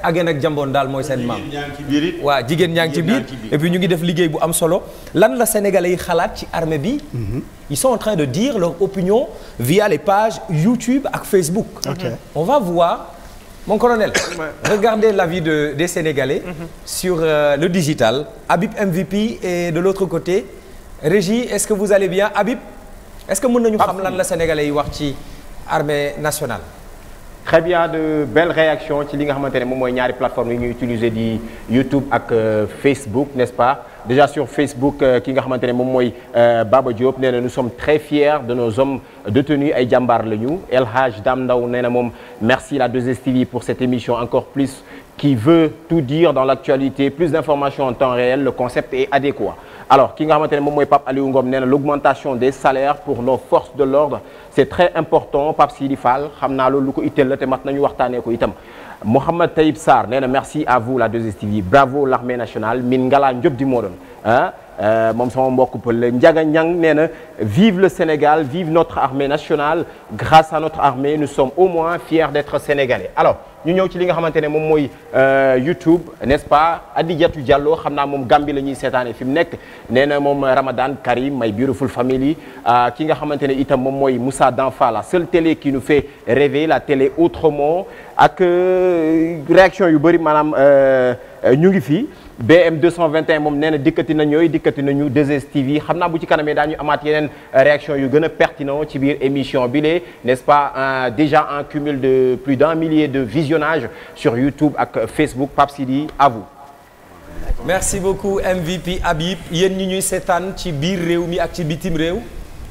ageen ak jamboon daal mooy seen maam waaw jigéen ñaa ngi ci biir et puis ñu ngi def liggéey bu am solo lan la Sénégalais yi xalaat ci armée bi mhm. ils sont en train de dire leur opinion via les pages YouTube ak Facebook okay. on va voir mon colonel regardez l'avis de des Sénégalais mhm. sur euh, le digital Habib MVP et de l'autre côté Régie est-ce que vous allez bien Habib est-ce que mën nañu xam lan la sénégalais yi wax ci armée nationale. très bien de belles réactions ci li nga xamante ne moom mooy ñaari plateformes yi ñuy utiliser di YouTube ak euh, Facebook n'est-ce pas déjà sur Facebook euh, ki nga xamante ne moom mooy euh, Baba Diop nee na nous sommes très fiers de nos hommes détenus ay jàmbaar la ñu El Hadj Dame Ndaw nee na moom merci la 2STV pour cette émission encore plus qui veut tout dire dans l'actualité plus d'informations en temps réel le concept est adéquat alors ki nga xamante ne moom mooy Pape Aliou Ngom nee na l'augmentation des salaires pour nos forces de l'ordre c'est très important Pape Sidi Fall xam naa loolu lu ko itteel la te mat nañu waxtaanee ko itam Mouhamed Taïb Sarr nee na merci à vous la 2STV bravo l'armée nationale min ngalaa njop di moo doon Euh, moom sama mbokk pël la Ndiaga Niang nee na vive le Sénégal vive notre armée nationale grâce à notre armée nous sommes au moins fiers d'être sénégalais alors ñu ñëw ci li nga xamante ne moom mooy euh, YouTube n'est-ce pas Adijatou Diallo xam naa moom Gambie la ñuy seetaane fi mu nekk nee na moom Ramadan Karim my beautiful family euh, ki nga xamante ne itam moom mooy Moussa Danfa la seule télé qui nous fait rêver la télé autrement ak réaction yu bëri maanaam ñu ngi fii BM 221 moom nee na dikkati nañ yooyu dikkati nañu 2STV xam naa bu ci kanamee daañu amaat yeneen euh, réaction yu gën a pertinent ci biir émission bi lee n'est-ce pas euh, déjà un cumul de plus d'un millier de visionnages sur YouTube ak Facebook Pape Sidi à vous merci beaucoup MVP Habib yéen ñi ñuy seetaan ci biir réew mi ak ci bitim réew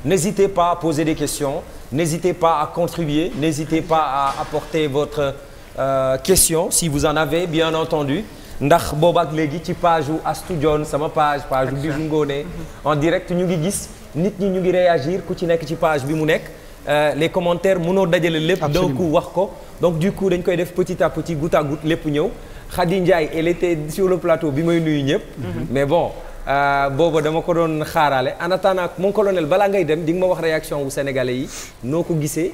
n'hésitez pas à poser des questions n'hésitez pas à contribuer n'hésitez pas à apporter votre euh, question si vous en avez bien entendu ndax booba ak léegi ci page wu Astou Dione sama page page u Bibu Ngoné mhm. en direct ñu ngi gis nit ñi ñu ngi réagir ku ci nekk ci page bi mu nekk euh, les commentaires mënoo dajale lépp donc wax ko donc du coup dañ koy def petit à petit goutte à goutte lépp ñëw Khady Ndiaye elle était sur le plateau bi may nuyu ñëpp mhm. mais bon euh, booba dama ko doon xaaraale en attendant mon colonel balaa ngay dem di nga ma wax réaction wu sénégalais yi noo ko gisee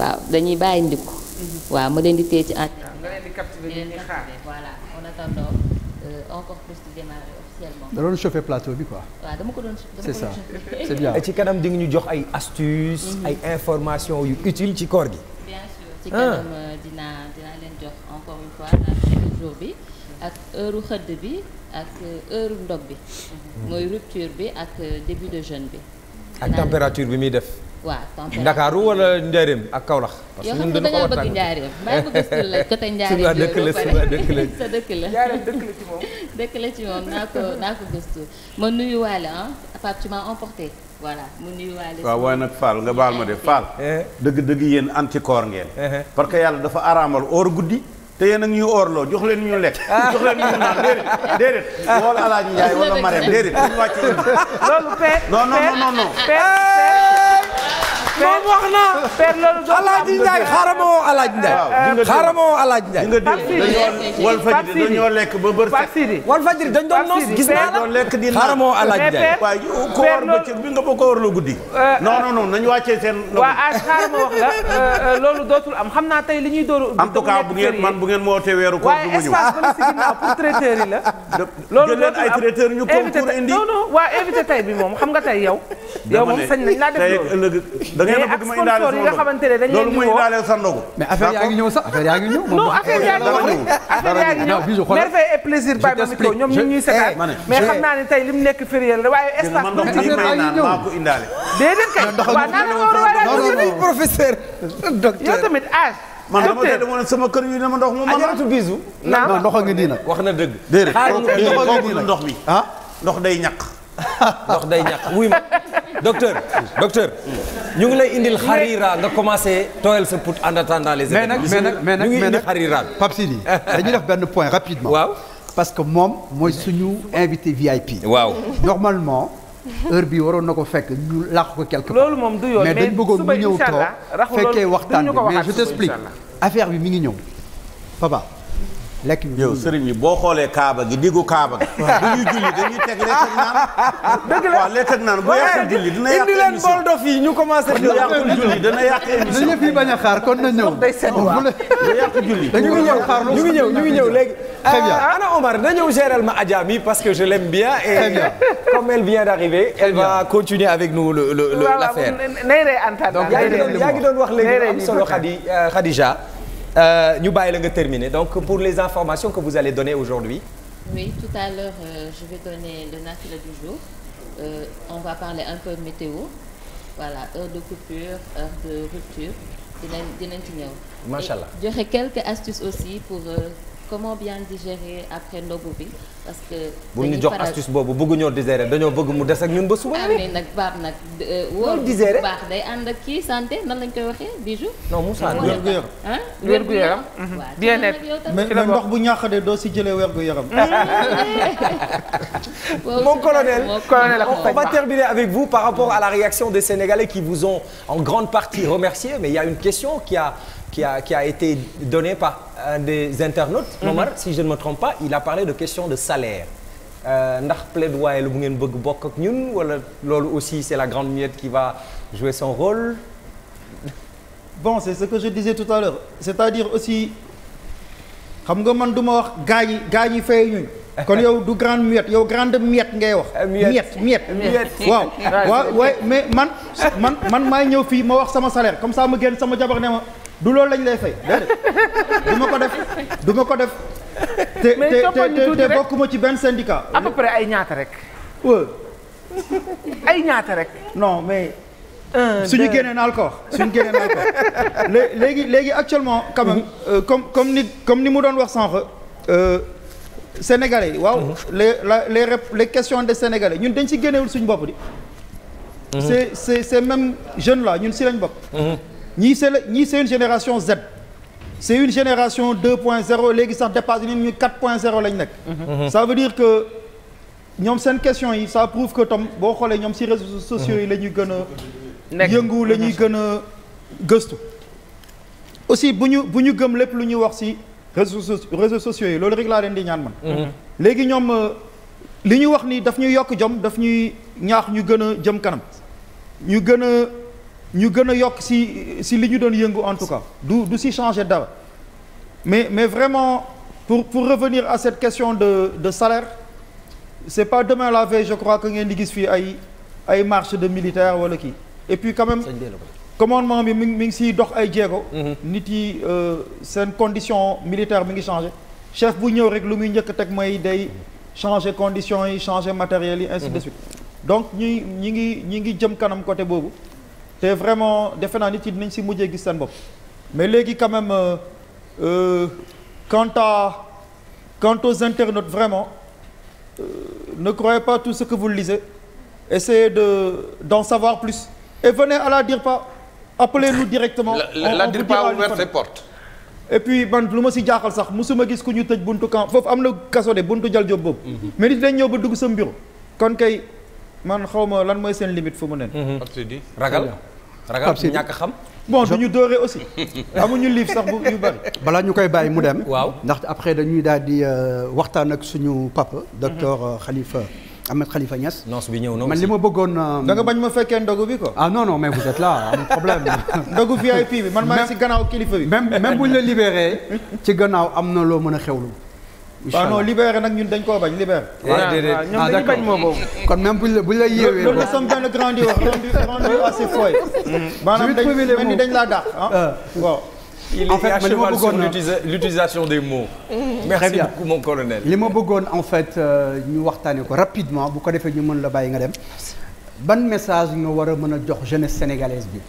waaw dañuy bàyyi ndikku mhm. waaw ma leen di téye ci en nga leen di captiver euh, chauffer plateau bi quoi. ko doon ci kanam di nga ñu jox ay astuces. Mhm. ay informations yu utile ci koor gi. bien sûr ci ah. kanam euh, dinaa dinaa leen jox encore une fois la jour bi. ak heure xëdd bi ak euh, heure ndog bi. Mhm. mooy rupture bi ak début de jeune bi. ak température bi muy def. waa température Ndakaaru wala Njaaréem ak Kaolack. parce que ñun dañoo bëgg Njaaréem bàyyi ko gëstu la la suba Njaaréem dëkk la ci moom. naa ko naa ko gëstu ma nuyuwaale ah Pape tu m'as emporté voilà mu nuyuwaale. waaw waaye nag Fall nga baal ma de Fall. Eh. dëgg dëgg yéen anticorps ngeen. Eh. parce que yàlla dafa araamal or guddi. te yéen a ngi ñu oorloo jox leen ñu lekk ah. jox leen ñu naan déedéet déedéet ah. wala Alaaji Njaay wala Marème déedéet duñu wàcc loolu non non non non moom wax na. père loolu doon Alaaji Ndiaye xaaral ma woo Alaaji Ndiaye. waaw xaaral ma woo Alaaji Ndiaye. dañoo lekk ba bër set. Walfadjri dañ doon noos gis naa la lekk di xaaral ma woo Alaaji Ndiaye. waaye ko war bëccëg bi nga ba ko war la guddi. Euh, euh, non non non nañu wàccee seen. waa ah xaaral ma wax la euh, loolu dootul am xam naa tey li ñuy door en tout cas bu ngeen man bu ngeen ma wootee weeru koor du ma ñëw. waaye espace bële si ginnaaw pour traiteurs yi la. loolu dootul am ay traiteurs ñu concours indi. non non waa invité tey bi moom xam nga tey yow. yow moom sañ nañ laa def loolu nee na bëgg ma indaale sama doom loolu mooy indaale sa ndogu. mais affaire yaa ngi ñëw sax affaire yaa ngi ñëw. non affaire yaa ngi ñëw affaire yaa ngi ñëw merveille et plaisir bàyyi eh, ma micro ñoom mu nekk fériel la waaye espace. man ndox mi may naan maa ko indaale. déedéet kay waaw naa la war a war a dugg professeur docteur yow tamit âge. Ah, man dama teel a sama kër yu ne ma ndox mu mën a. bisu. non ndox a ngi nii nag wax na dëgg. déedéet ndox mi ah? ndox day ñaq ndox day ñàkk wuy ma docteur docteur ñu ngi lay indil xarira nga commencé tooyal sa put en attendant les événements mais nag mais nag mais nag ñu ngi indil xarira Pape Sidi dañuy def benn point rapidement waaw parce que moom mooy suñu invité VIP waaw normalement heure bi waroon na ko fekk ñu làq ko quelque part loolu moom du yoon mais dañ bëggoon mu ñëw toog fekkee waxtaan bi mais je t'explique affaire bi mi ngi ñëw papa lekk bi yow sëriñ boo xoolee Kaaba gi diggu Kaaba gi. bu ñuy julli dañuy teg lekk ak naan. dëgg la waaw lekk ak naan bu julli dina yàq émission indi leen bool dof yi ñu commencé. ñu yàq julli dina yàq émission dañu a xaar kon na ñëw. day set waaw bu yàq julli. dañu ngi ñëw xaar ñu ngi ñëw ñu ñëw léegi. très bien ah, Ana Omar na ñëw géral ma Adja mi parce que je l'aime bien. très bien et comme elle vient d'arriver elle va continuer avec nous le le l'affaire. donc yaa ngi doon wax léegi am solo euh, Khadija Euh, ñu bàyyi la nga terminer donc pour les informations que vous allez donner aujourd'hui oui tout à l'heure euh, je vais donner le nafila du jour euh, on va parler un peu météo voilà heure de coupure heure de rupture dinañ dinañ ci ñëw macha allah joxe quelques aussi pour euh, comment bien digérer après ndogu bi parce que. bu ñu jox astuce boobu bëgguñoo digérer dañoo bëgg mu des ak ñun ba suba. amee ah, nag baab nag. Euh, wóor digérer baax day ànd ak kii santé nan lañ koy waxee bijou. non Moussa wér gu yaram wér gu yaram. Mhm. bien être mais ndox bu ñàkk de doo si jëlee wér gu yaram. Mmh. mon colonel colonel on va terminer avec vous par rapport à la réaction des Sénégalais qui vous ont en grande partie remercié mais il y a une question qui a. qui a qui a été donné par un des internautes. Momar mhm. mm -hmm. si je ne me trompe pas il a parlé de question de salaire. Euh, ndax plaidoyer la bu ngeen bëgg bokk ak ñun wala loolu aussi c'est la grande muette qui va jouer son rôle. bon c'est ce que je disais tout à l'heure c'est-à-dire aussi xam nga man du ma wax gaa yi gaa yi fay kon yow du grande muette yow grande miette ngay wax. Euh, miette miette miette waaw waaw waaye mais man man man maay ñëw fii ma wax sama salaire comme ça ma génn sama jabar ne du loolu lañ lay fay déedéet du ma ko def du ma ko def. te te te bokkuma ci benn syndicat. à peu près ay ñaata rek. ay ñaata rek. non mais. suñu génnee naal ko wax suñu génnee naal ko léegi léegi actuellement quand mhm. euh, comme comme ni comme ni mu doon wax sànq euh, sénégalais yi waaw mhm. les la les les question des sénégalais ñun dañ si génnewul suñu bopp di. Mhm. c'est c'est ces mêmes jeunes là ñun si lañ bokk. ñii c'est la ñii c'est une génération Z c'est une génération 2.0 léegi sax dépassé nañ ñu 4.0 lañ nekk. Mhm. ça veut dire que ñoom seen question yi ça prouve que tam boo xoolee ñoom si réseaux sociaux yi mhm. la ñuy gën a. yëngu la ñuy gën a gëstu. aussi bu ñu bu ñu gëm lépp lu ñuy wax si réseaux so réseaux sociaux yi loolu rek laa leen di ñaan man. Mhm. léegi ñoom euh, li ñuy wax nii daf ñuy yokk jom daf ñuy ñaax ñu gën a jëm kanam ñu gën ñu gën a yokk si si li ñu doon yëngu en tout cas du du si changer dara mais mais vraiment pour pour revenir à cette question de de salaire c'est pas demain la veille je crois que ngeen di gis fii ay ay marche de militaire wala kii et puis quand même commandement bi mi mi ngi siy dox ay jéego. Mhm. nit yi euh, seen condition militaire mi ngi changé chef bu ñëw rek lu muy njëkk teg mooy day changer conditions yi changer matériel yi ainsi de mhm. suite donc ñuy ñu ngi ñi ngi jëm kanam côté boobu te vraiment defe naa nit yi dinañ si mujjee gis seen bopp mais léegi quand même euh, euh quant à quant aux vraiment euh, ne croyez pas tout ce que vous lisez essayez de d'en savoir plus et venez à la DIRPA appelez-nous directement la, la DIRPA a ouvert ses portes et puis man lu ma si jaaxal sax musuma gis ku ñu tëj buntu camp foofu am na kaso de buntu jal job boobu mhm. mais nit dañ ñëw ba dugg sa mbiru kon kay man xaw ma lan mooy seen limite fu mu nen mhm. ragal ragal ñàkk xam. bon du ñu dóoree aussi amuñu livre sax bu yu bari. balaa ñu koy bàyyi mu dem. waaw ndax après dañuy daal di euh, waxtaan ak suñu papa. docteur euh, Khalifa Ahmed Khalifa Niass. noos bi ñëw na man li ma bëggoon. Euh, da nga bañ ma fekkee ndogu bi quoi. ah non non mais vous êtes problème. ndogu VIP bi man maa si gannaaw kilifa bi. même même bu ñu la libéré. ci gannaaw am na loo mën a xewlu. incha ah, allah waaw nag ñun dañ koo bañ libéré. Eh, voilà ah, ah, ñoom dañu bañ moo boobu. kon même bu la buñ la yeewee. loolu nous sommes dans le grandi wax rendu rendu assez fooy. Mhm. maanaam dañ dañ laa dàq ah waaw. en fait li ma bëggoon l'utilisation des mots. merci beaucoup mon colonel. li ma bëggoon en fait euh, ñu waxtaanee ko rapidement bu ko defee ñu mën la bàyyi nga dem. ban message nga war a mën a jox jeunesse sénégalaise bi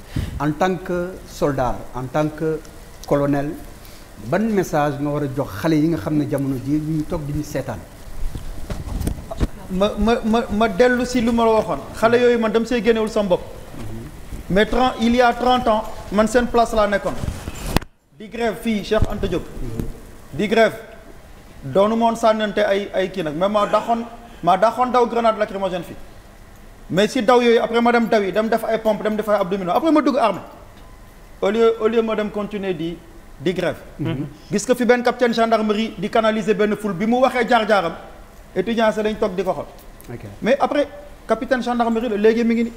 en tant que soldat en tant que colonel. ban message nga war a jox xale yi nga xam ne jamono ji ñu toog di ñu seetaan. ma ma ma ma dellu si lu ma waxoon xale yooyu man dem see génnewul sama bopp. mais trente il trent a ans man seen place laa nekkoon. di grève fii Cheikh Anta Diop. di grève doonu moon sànnante ay ay kii nag mais maa daxoon maa daxoon daw grenade lacrymogène fii. mais si daw yooyu après ma dem daw yi dem def ay pompe dem def ay abdominaux après ma dugg armée au lieu au lieu ma dem continuer di. di grève gis nga fi benn capitaine gendarmerie di canaliser benn foule bi mu waxee jaar-jaaram étudiants yi dañ toog di ko xool mais après capitaine gendarmerie la léegi mu ngi ni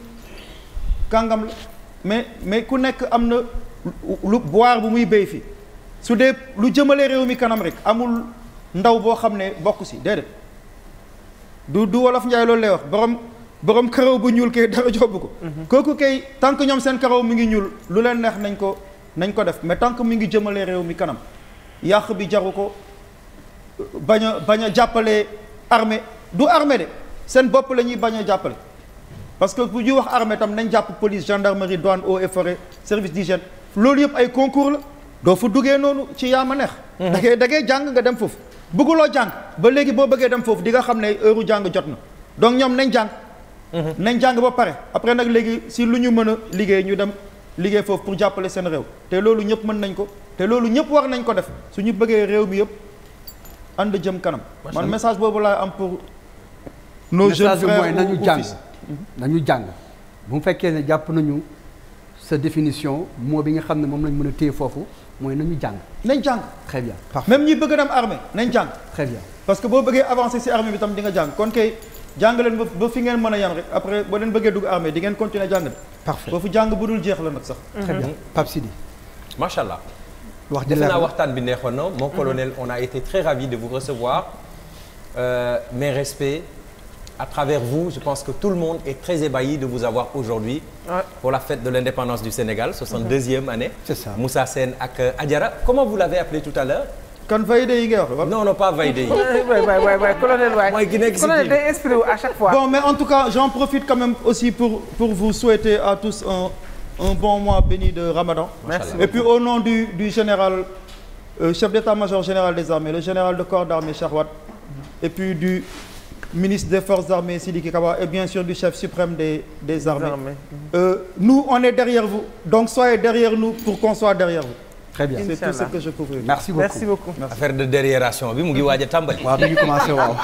kàngam la mais mais ku nekk am na lu boire bu muy béy fii su dee lu jëmale réew mi kanam rek amul ndaw boo xam ne bokk si déedéet du du wolof njaay loolu lay wax borom borom karaw bu ñuul kay dara jobbu ko mhm. kooku kay tant que ñoom seen karaw mu ngi ñuul lu leen neex nañ ko nañ ko def mais tant que mi ngi jëmalee réew mi kanam yàq bi jaru ko bañ a bañ a jàppale armée du armée de seen bopp la ñuy bañ a jàppale parce que bu ñuy wax armée tam nañ jàpp police gendarmerie douane eaux et forêt service d'hygiène loolu yëpp ay concours la doo fa duggee noonu ci yaama neex mhm. da ngay da ngay jàng nga dem foofu bëgguloo jàng ba léegi boo bëggee dem foofu di nga xam ne heure jàng jot na donc ñoom nañ jàng mhm. nañ jàng ba pare après nag léegi si lu ñu mën a liggéey ñu dem liggéey foofu pour jàppale seen réew te loolu ñëpp mën nañ ko te loolu ñëpp war nañ ko def suñu bëggee réew mi yëpp ànd jëm kanam man message boobu laa am pour nos jeunes frères mooy nañu jàng mhm. nañu jàng bu fekkee ne jàpp nañu sa définition moo bi nga xam ne moom lañ mën a téye foofu mooy nañu jàng nañ jàng très bien même ñuy bëgg na am armée nañ jàng très bien parce que boo bëggee avancer si armée bi tam di nga jàng kon kay jàng leen ba fi ngeen mën a yam rek après boo leen bëggee dugg armée di ngeen continuer jàng de. parfait ba fu jàng bu dul mhm. allah. wax dëgg naa waxtaan bi neexoon na. mon mhm. colonel on a été très ravi de vous recevoir. Euh, que tout le monde est très ébahi de Sénégal 62e mhm. année. c'est ça Moussa Sène ak euh, Adjara comment vous l'avez appelé tout kan validé yi ngay wax non pas validé yi. waay waay waay colonel waay. mooy ki à chaque fois. bon mais en tout cas j'en profite quand même aussi pour vous souhaiter à tous un un bon mois béni de Ramadan. et puis au nom du du général euh, chef d'état-major général des armées le général de corps d'armée Cheikh Wade et des forces armées Sidiki Kaba et bien sûr du chef suprême des armées. Euh, nous on est derrière vous donc soyez derrière nous pour qu'on soit derrière vous. très bien c'est tout ce que je merci beaucoup merci de dérération bi mu ngi waaj a tàmbali. waaw bi ñu commencé waaw.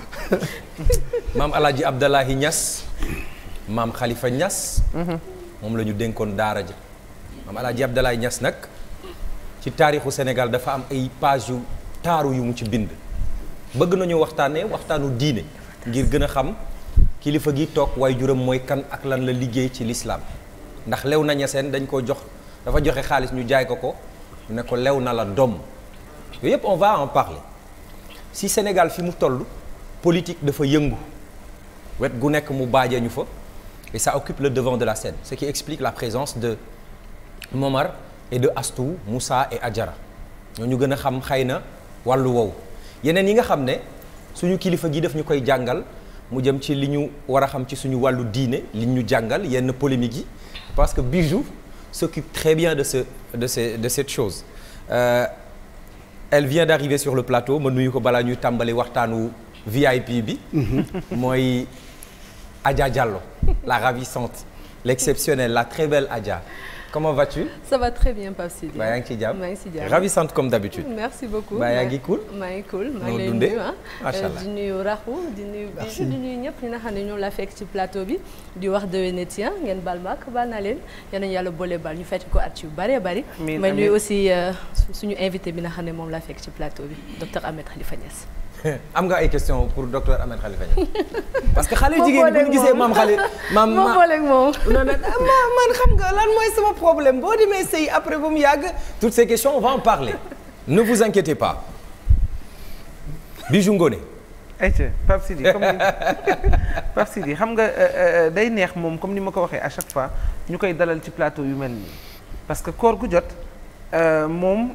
maam El Hadj Abdallahi Niass maam xalifa ñas mhm. moom lañu dénkoon daara ja maam El Hadj Abdallahi Niass nag ci taarixu Sénégal dafa am ay page yu taaru yu mu ci bind. bëgg nañu waxtaanee waxtaanu diine ngir gën a xam kilifa gi toog waaye juram mooy kan ak lan la liggéey ci lislaam ndax lew na ñaseen dañ ko jox. dafa joxe xaalis ñu jaay ko ko ñu ne ko lew na la doom yooyu yëpp on va en parler si Sénégal fi mu toll politique dafa yëngu wet gu nekk mu baaje ñu fa et ça occupe le devant de la scène ce qui explique la présence de Momar et de Astou Moussa et ajara ñoo ñu gën a xam xëy na wàllu wow yeneen yi nga xam ne suñu kilifa gi daf ñu koy jàngal mu jëm ci li ñu war a xam ci suñu wàllu diine li ñu jàngal yenn polémique yi parce que bijou s'occupe très bien de ce de ce de cette chose euh, elle vient d'arriver sur le plateau ma nuyu ko balaa ñuy tàmbali waxtaanu VIP bi. Mhm. mooy Adja Diallo la ravissante l'exceptionnelle la très belle Adja. comment vas-tu. ça va très bien Pape Sidi. yaa ngi ci jàmm maa ngi si jàmm ravissante comme d'habitude. merci beaucoup maa yaa ngi cool. maa ngi cool maa ngi lay nuyu ah. macha allah euh, di nuyu Raxu di nuyu Bijou di nuyu ñëpp ñi nga xam ne ñoom la fekk ci plateau bi. di wax déwéneti ah. ngeen baal ma ak baal naa leen yal nañu yàlla boole baal ñu fekk ko at yu bëree bëri. amiin amiin may nuyu aussi euh, suñu invité bi nga xam ne moom la fekk ci plateau bi docteur Ahmed Khalifa Niass. am nga ay question pour docteur Ahmed Khalifa parce que xale jigéen ñi bu ñu gisee maam xale maam ma booleeg moom non non man xam nga lan mooy sama problème boo demee sëy après ba mu yàgg toutes ces questions on va en parler ne vous inquiétez pas Bijou Ngoné ayca Pape Sidi xam nga euh, euh, day neex moom comme ni ma ko waxee à chaque fois ñu koy dalal ci plateau yu mel nii parce que jot euh, moom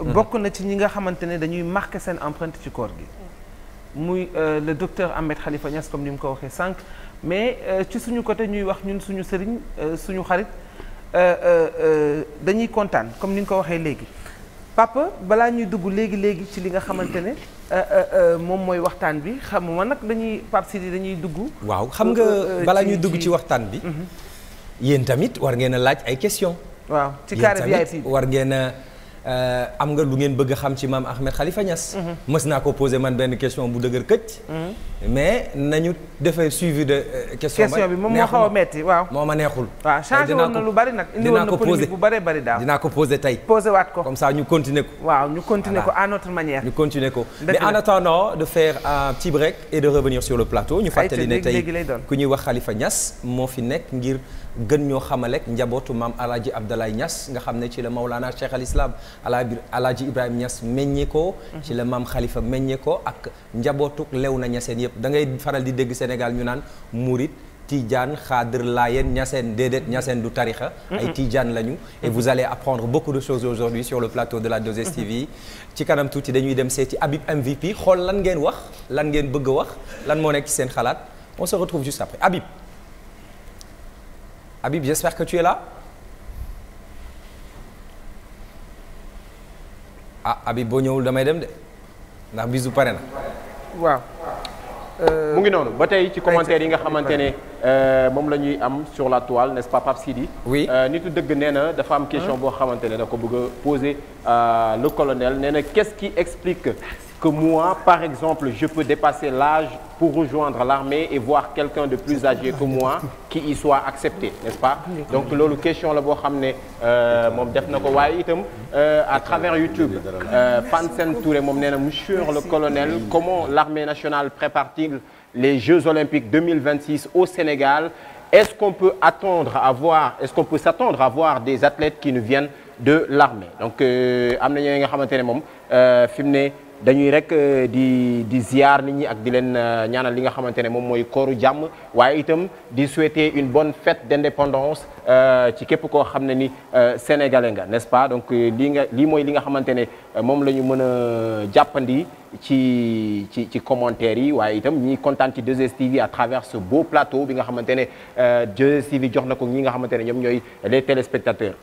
Euh, bokk na ci ñi nga xamante ne dañuy marqué seen empreinte ci koor gi muy euh, le docteur Ahmed xalifa Niass comme ni nga ko waxee sànq mais euh, ci suñu côté ñuy wax ñun suñu sëriñ suñu xarit dañuy kontaan comme ni nga ko waxee léegi papa balaa ñuy dugg léegi léegi ci li nga xamante ne moom mooy waxtaan bi xamuma nag dañuy Pape Sidi dañuy dugg. waaw xam nga balaa ñuy dugg ci waxtaan bi. Mhm. yéen tamit war ngeen laaj ay questions. waaw ci carré VIP war ngeen a. Euh, am nga lu ngeen bëgg xam ci maam Ahmed Khalifa Niass. Mhm. mës naa ko posé man benn question bu dëgër këcc. Mhm. mais na ñu defee suivi de. Euh, question bi moom moo xaw a metti waaw. moo ma neexul. waaw euh, changé woon na lu bari nag. indi woon na polémique bu bari bari daaw dinaa ko posé tey. posé waat ko comme ça ñu continuer ko. waaw ñu continuer ko à notre manière. ñu continuer ko mais en attendant de faire un petit break et de revenir sur le plateau. ñu fàttali ne tey ku ñuy wax Khalifa Niass moo fi nekk ngir. gën ñoo xamalek njabootu maam alaaji Abdoulaye ñas nga xam ne ci la Maulana Cheikh al Islam alaaji Ibrahima Niass meññee ko ci la maam xalifa meññee ko ak njabootu Léona Niassène yëpp da ngay faral di dégg Sénégal ñu naan murit Tijaan laa yen ñaseen déedéet ñaseen du tarixa ay Tijaan lañu. et vous allez apprendre beaucoup de choses aujourd'hui sur le plateau de la 2STV. Mm-hmm. ci kanam tuuti dañuy dem seeti Habib MVP xool lan ngeen wax lan ngeen bëgg a wax lan moo nekk ci seen xalaat on se retrouve juste après Habib. Habib j'espère que tu es ah Habib boo ñëwul damay dem de ndax bisu pare na. waaw. Euh, mu ngi noonu ba tey ci commentaire yi nga xamante ne euh, moom la ñuy am sur la toile n'est-ce pas Pape Sidi. oui euh, nitu dëgg nee na dafa am question boo xamante ne da ko bëgg a poser le colonel nee na qu'est-ce qui explique. que moi, par exemple, je peux dépasser l'âge pour rejoindre l'armée et voir quelqu'un de plus âgé que moi qui y soit accepté, loolu question la boo xam ne euh, moom def na ko waaye itam euh, à travers YouTube Pansène euh, Touré moom nee na monsieur le colonel comment l'armée nationale prépare-t-il les Jeux olympiques 2026 au Sénégal est-ce qu'on peut attendre à voir est-ce qu'on peut s'attendre à des athlètes qui nous viennent de l'armée donc am na ñooy nga xamante ne moom fi ne dañuy rek euh, di di ziar ni ñi ak di leen euh, ñaanal li nga xamante ne moom mooy kooru jàmm waaye itam di souhaiter une bonne fête d'indépendance euh, ci képp koo xam ne ni sénégalais nga nest pas donc lii nga lii mooy li nga xamante ne moom la ñu mën a jàppandi ci ci ci commentaires yi waaye itam ñiy kontaan ci deux stv à travers ce beau plateau bi nga xamante ne 2STV jox na ko ñi nga xamante ne ñoom ñooy les téléspectateurs.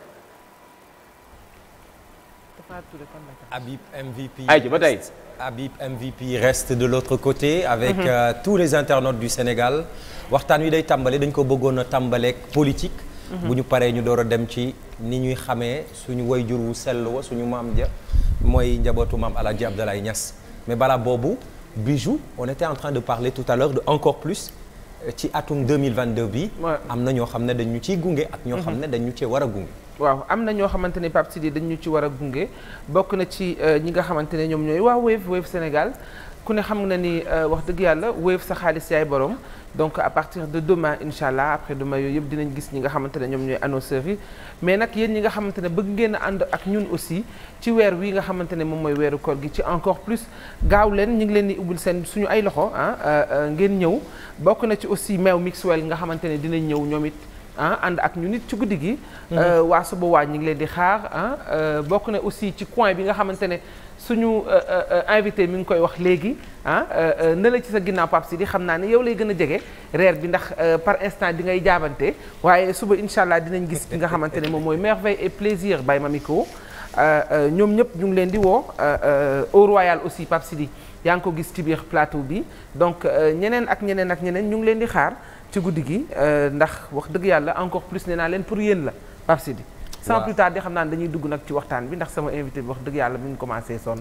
Habib MVP. ayca ba tey Habib MVP reste de l'autre côté. avec mm -hmm. euh, tous les internautes du Sénégal waxtaan wi day tàmbali dañ ko bëggoon a tàmbaleeg politique. Mhm. bu ñu paree ñu door a dem ci ni ñuy xamee suñu jur wu sell wa suñu maam ja mooy njabootu maam El Hadj Abdoulaye Niass mais bala boobu bijou on était en train de parler tout à l'heure de encore plus. Euh, ci atum 2022 bi. am na ñoo xam ne dañu ciy gunge ak ñoo mhm. xam ne dañu cee war gunge. waaw am na ñoo xamante ne Pape Sidi dañ ñu ci war a gunge bokk na ci euh, ñi nga xamante ne ñoom ñooy waa Wave Wave Sénégal ku ne xam na ni euh, wax dëgg yàlla Wave sa xaalis yaay borom donc à partir de demain incha allah après demain yooyu yëpp dinañ gis ñi nga xamante ne ñoom ñooy annonceurs yi mais nag yéen ñi nga xamante ne bëgg ngeen ànd ak ñun aussi ci weer wi nga xamante ne moom mooy weeru koor gi ci encore plus gaaw leen ñu ngi leen di ubbil seen suñu ay loxo ah euh, ngeen ñëw bokk na ci aussi meew mixwell nga xamante ne dinañ ñëw ñoom ah ànd ak ñu nit ci guddi gi. Mm-hmm. Euh, waa suba waa ñu ngi leen di xaar ah euh, bokk na aussi ci coin bi nga xamante ne suñu euh, invité mi ngi koy wax léegi ah ne la ci sa ginnaaw Pape di xam naa ne yow lay gën a jege reer bi ndax par instant di ngay jaabante waaye suba incha allah dinañ gis ki nga xamante ne moom mooy merveille et plaisir bay Mamiko ñoom ñëpp ñu ngi leen di woo au royal aussi Pape Sidi yaa ngi ko gis ci biir plateau bi donc ñeneen ak ñeneen ak ñeneen ñu ngi leen di xaar. ci guddi gi euh, ndax wax dëgg yàlla encore plus nee naa leen pour yéen la Pape Sidi sans plus tarder xam naa dañuy dugg nag ci waxtaan bi ndax sama invité bi wax dëgg yàlla mi ngi commencé la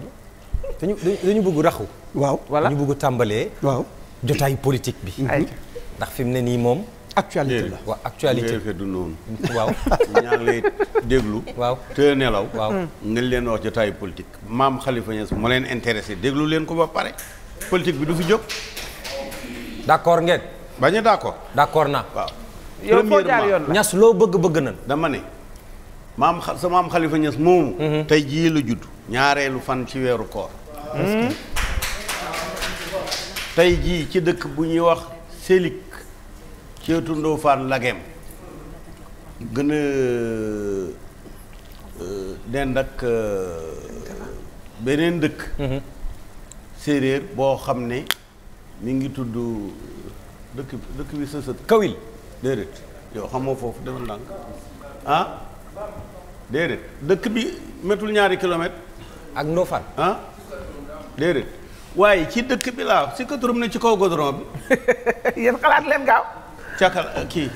dañu dañu bëgg raxu waaw voilà dañu bëgg tàmbalee waaw jotaayu politique bi mhm. ndax fi mu ne nii moom actualité la waaw actualité du noonu waaw ñaa ngi lay déglu waaw te nelaw waaw hmm. nañ leen wax jotaayu politique maam Khalifa su ma leen intéressé déglu leen ko ba pare politique bi du fi jóg d'accord ngeen bañ a d' accord. d' accord naa. waaw ñas loo bëgg bëgg nan dama ne maam xa sa xalifa ñas moomu. Mhm. tey jii la judd. ñaareelu fan ci weeru koor. tey jii ci dëkk bu ñuy wax Sélik ceetu Ndofane Lagem gën a euh, dend ak euh, beneen dëkk mhm. séeréer boo xam ne mi ngi tudd dëkk dëkk bi sa sët kawil déedéet yow xamoo foofu defal ndànk ah déedéet dëkk bi métul ñaari kilomètre ak Ndofane ah waaye ci dëkk bi laa si katurum ne ci kaw goudron bi yéen xalaat leen gaaw càkkal kii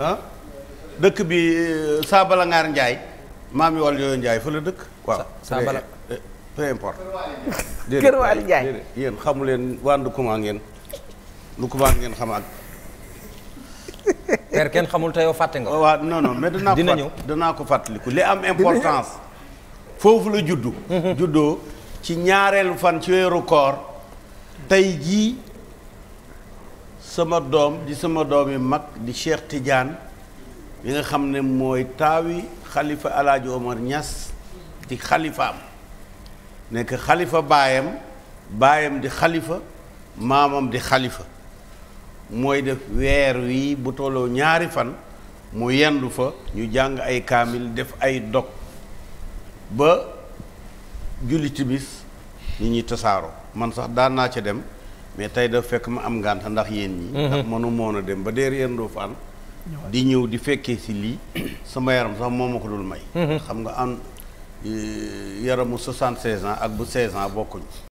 ah dëkk bi euh, Saabala Ngaar Njaay maam yi wàll yooyu Njaay fa la dëkk waaw Saabala peu importe Kër Waali Njaay yéen xamu leen wàndu kuma ngeen lu ko baax ngeen xam ak. père kenn xamul te yow fàtte nga. waaw non non mais danaa ko dina fàttaliku li am importance. foofu la juddu. Mhm. juddoo ci ñaareelu fan ci weeru koor. tey jii sama doom di sama doom yi mag di Cheikh Tidiane bi nga xam ne mooy taawi xalifa El Hadj Omar di xalifaam nekk xalifa baayam baayam di xalifa maamam di xalifa. mooy def weer wi bu tolloo ñaari fan mu yendu fa ñu jàng ay kaamil def ay dog ba julli timis nit ñi tasaaroo man sax daan naa ca dem mais tey daf fekk ma am ngànt ndax yéen ñi mhm. ndax mënu a dem ba deer yendoo fan di ñëw di fekkee si lii sama yaram sax moo ma ko dul may mhm. xam nga am eh, yaramu soixante-seize ans ak bu seize ans bokkuñ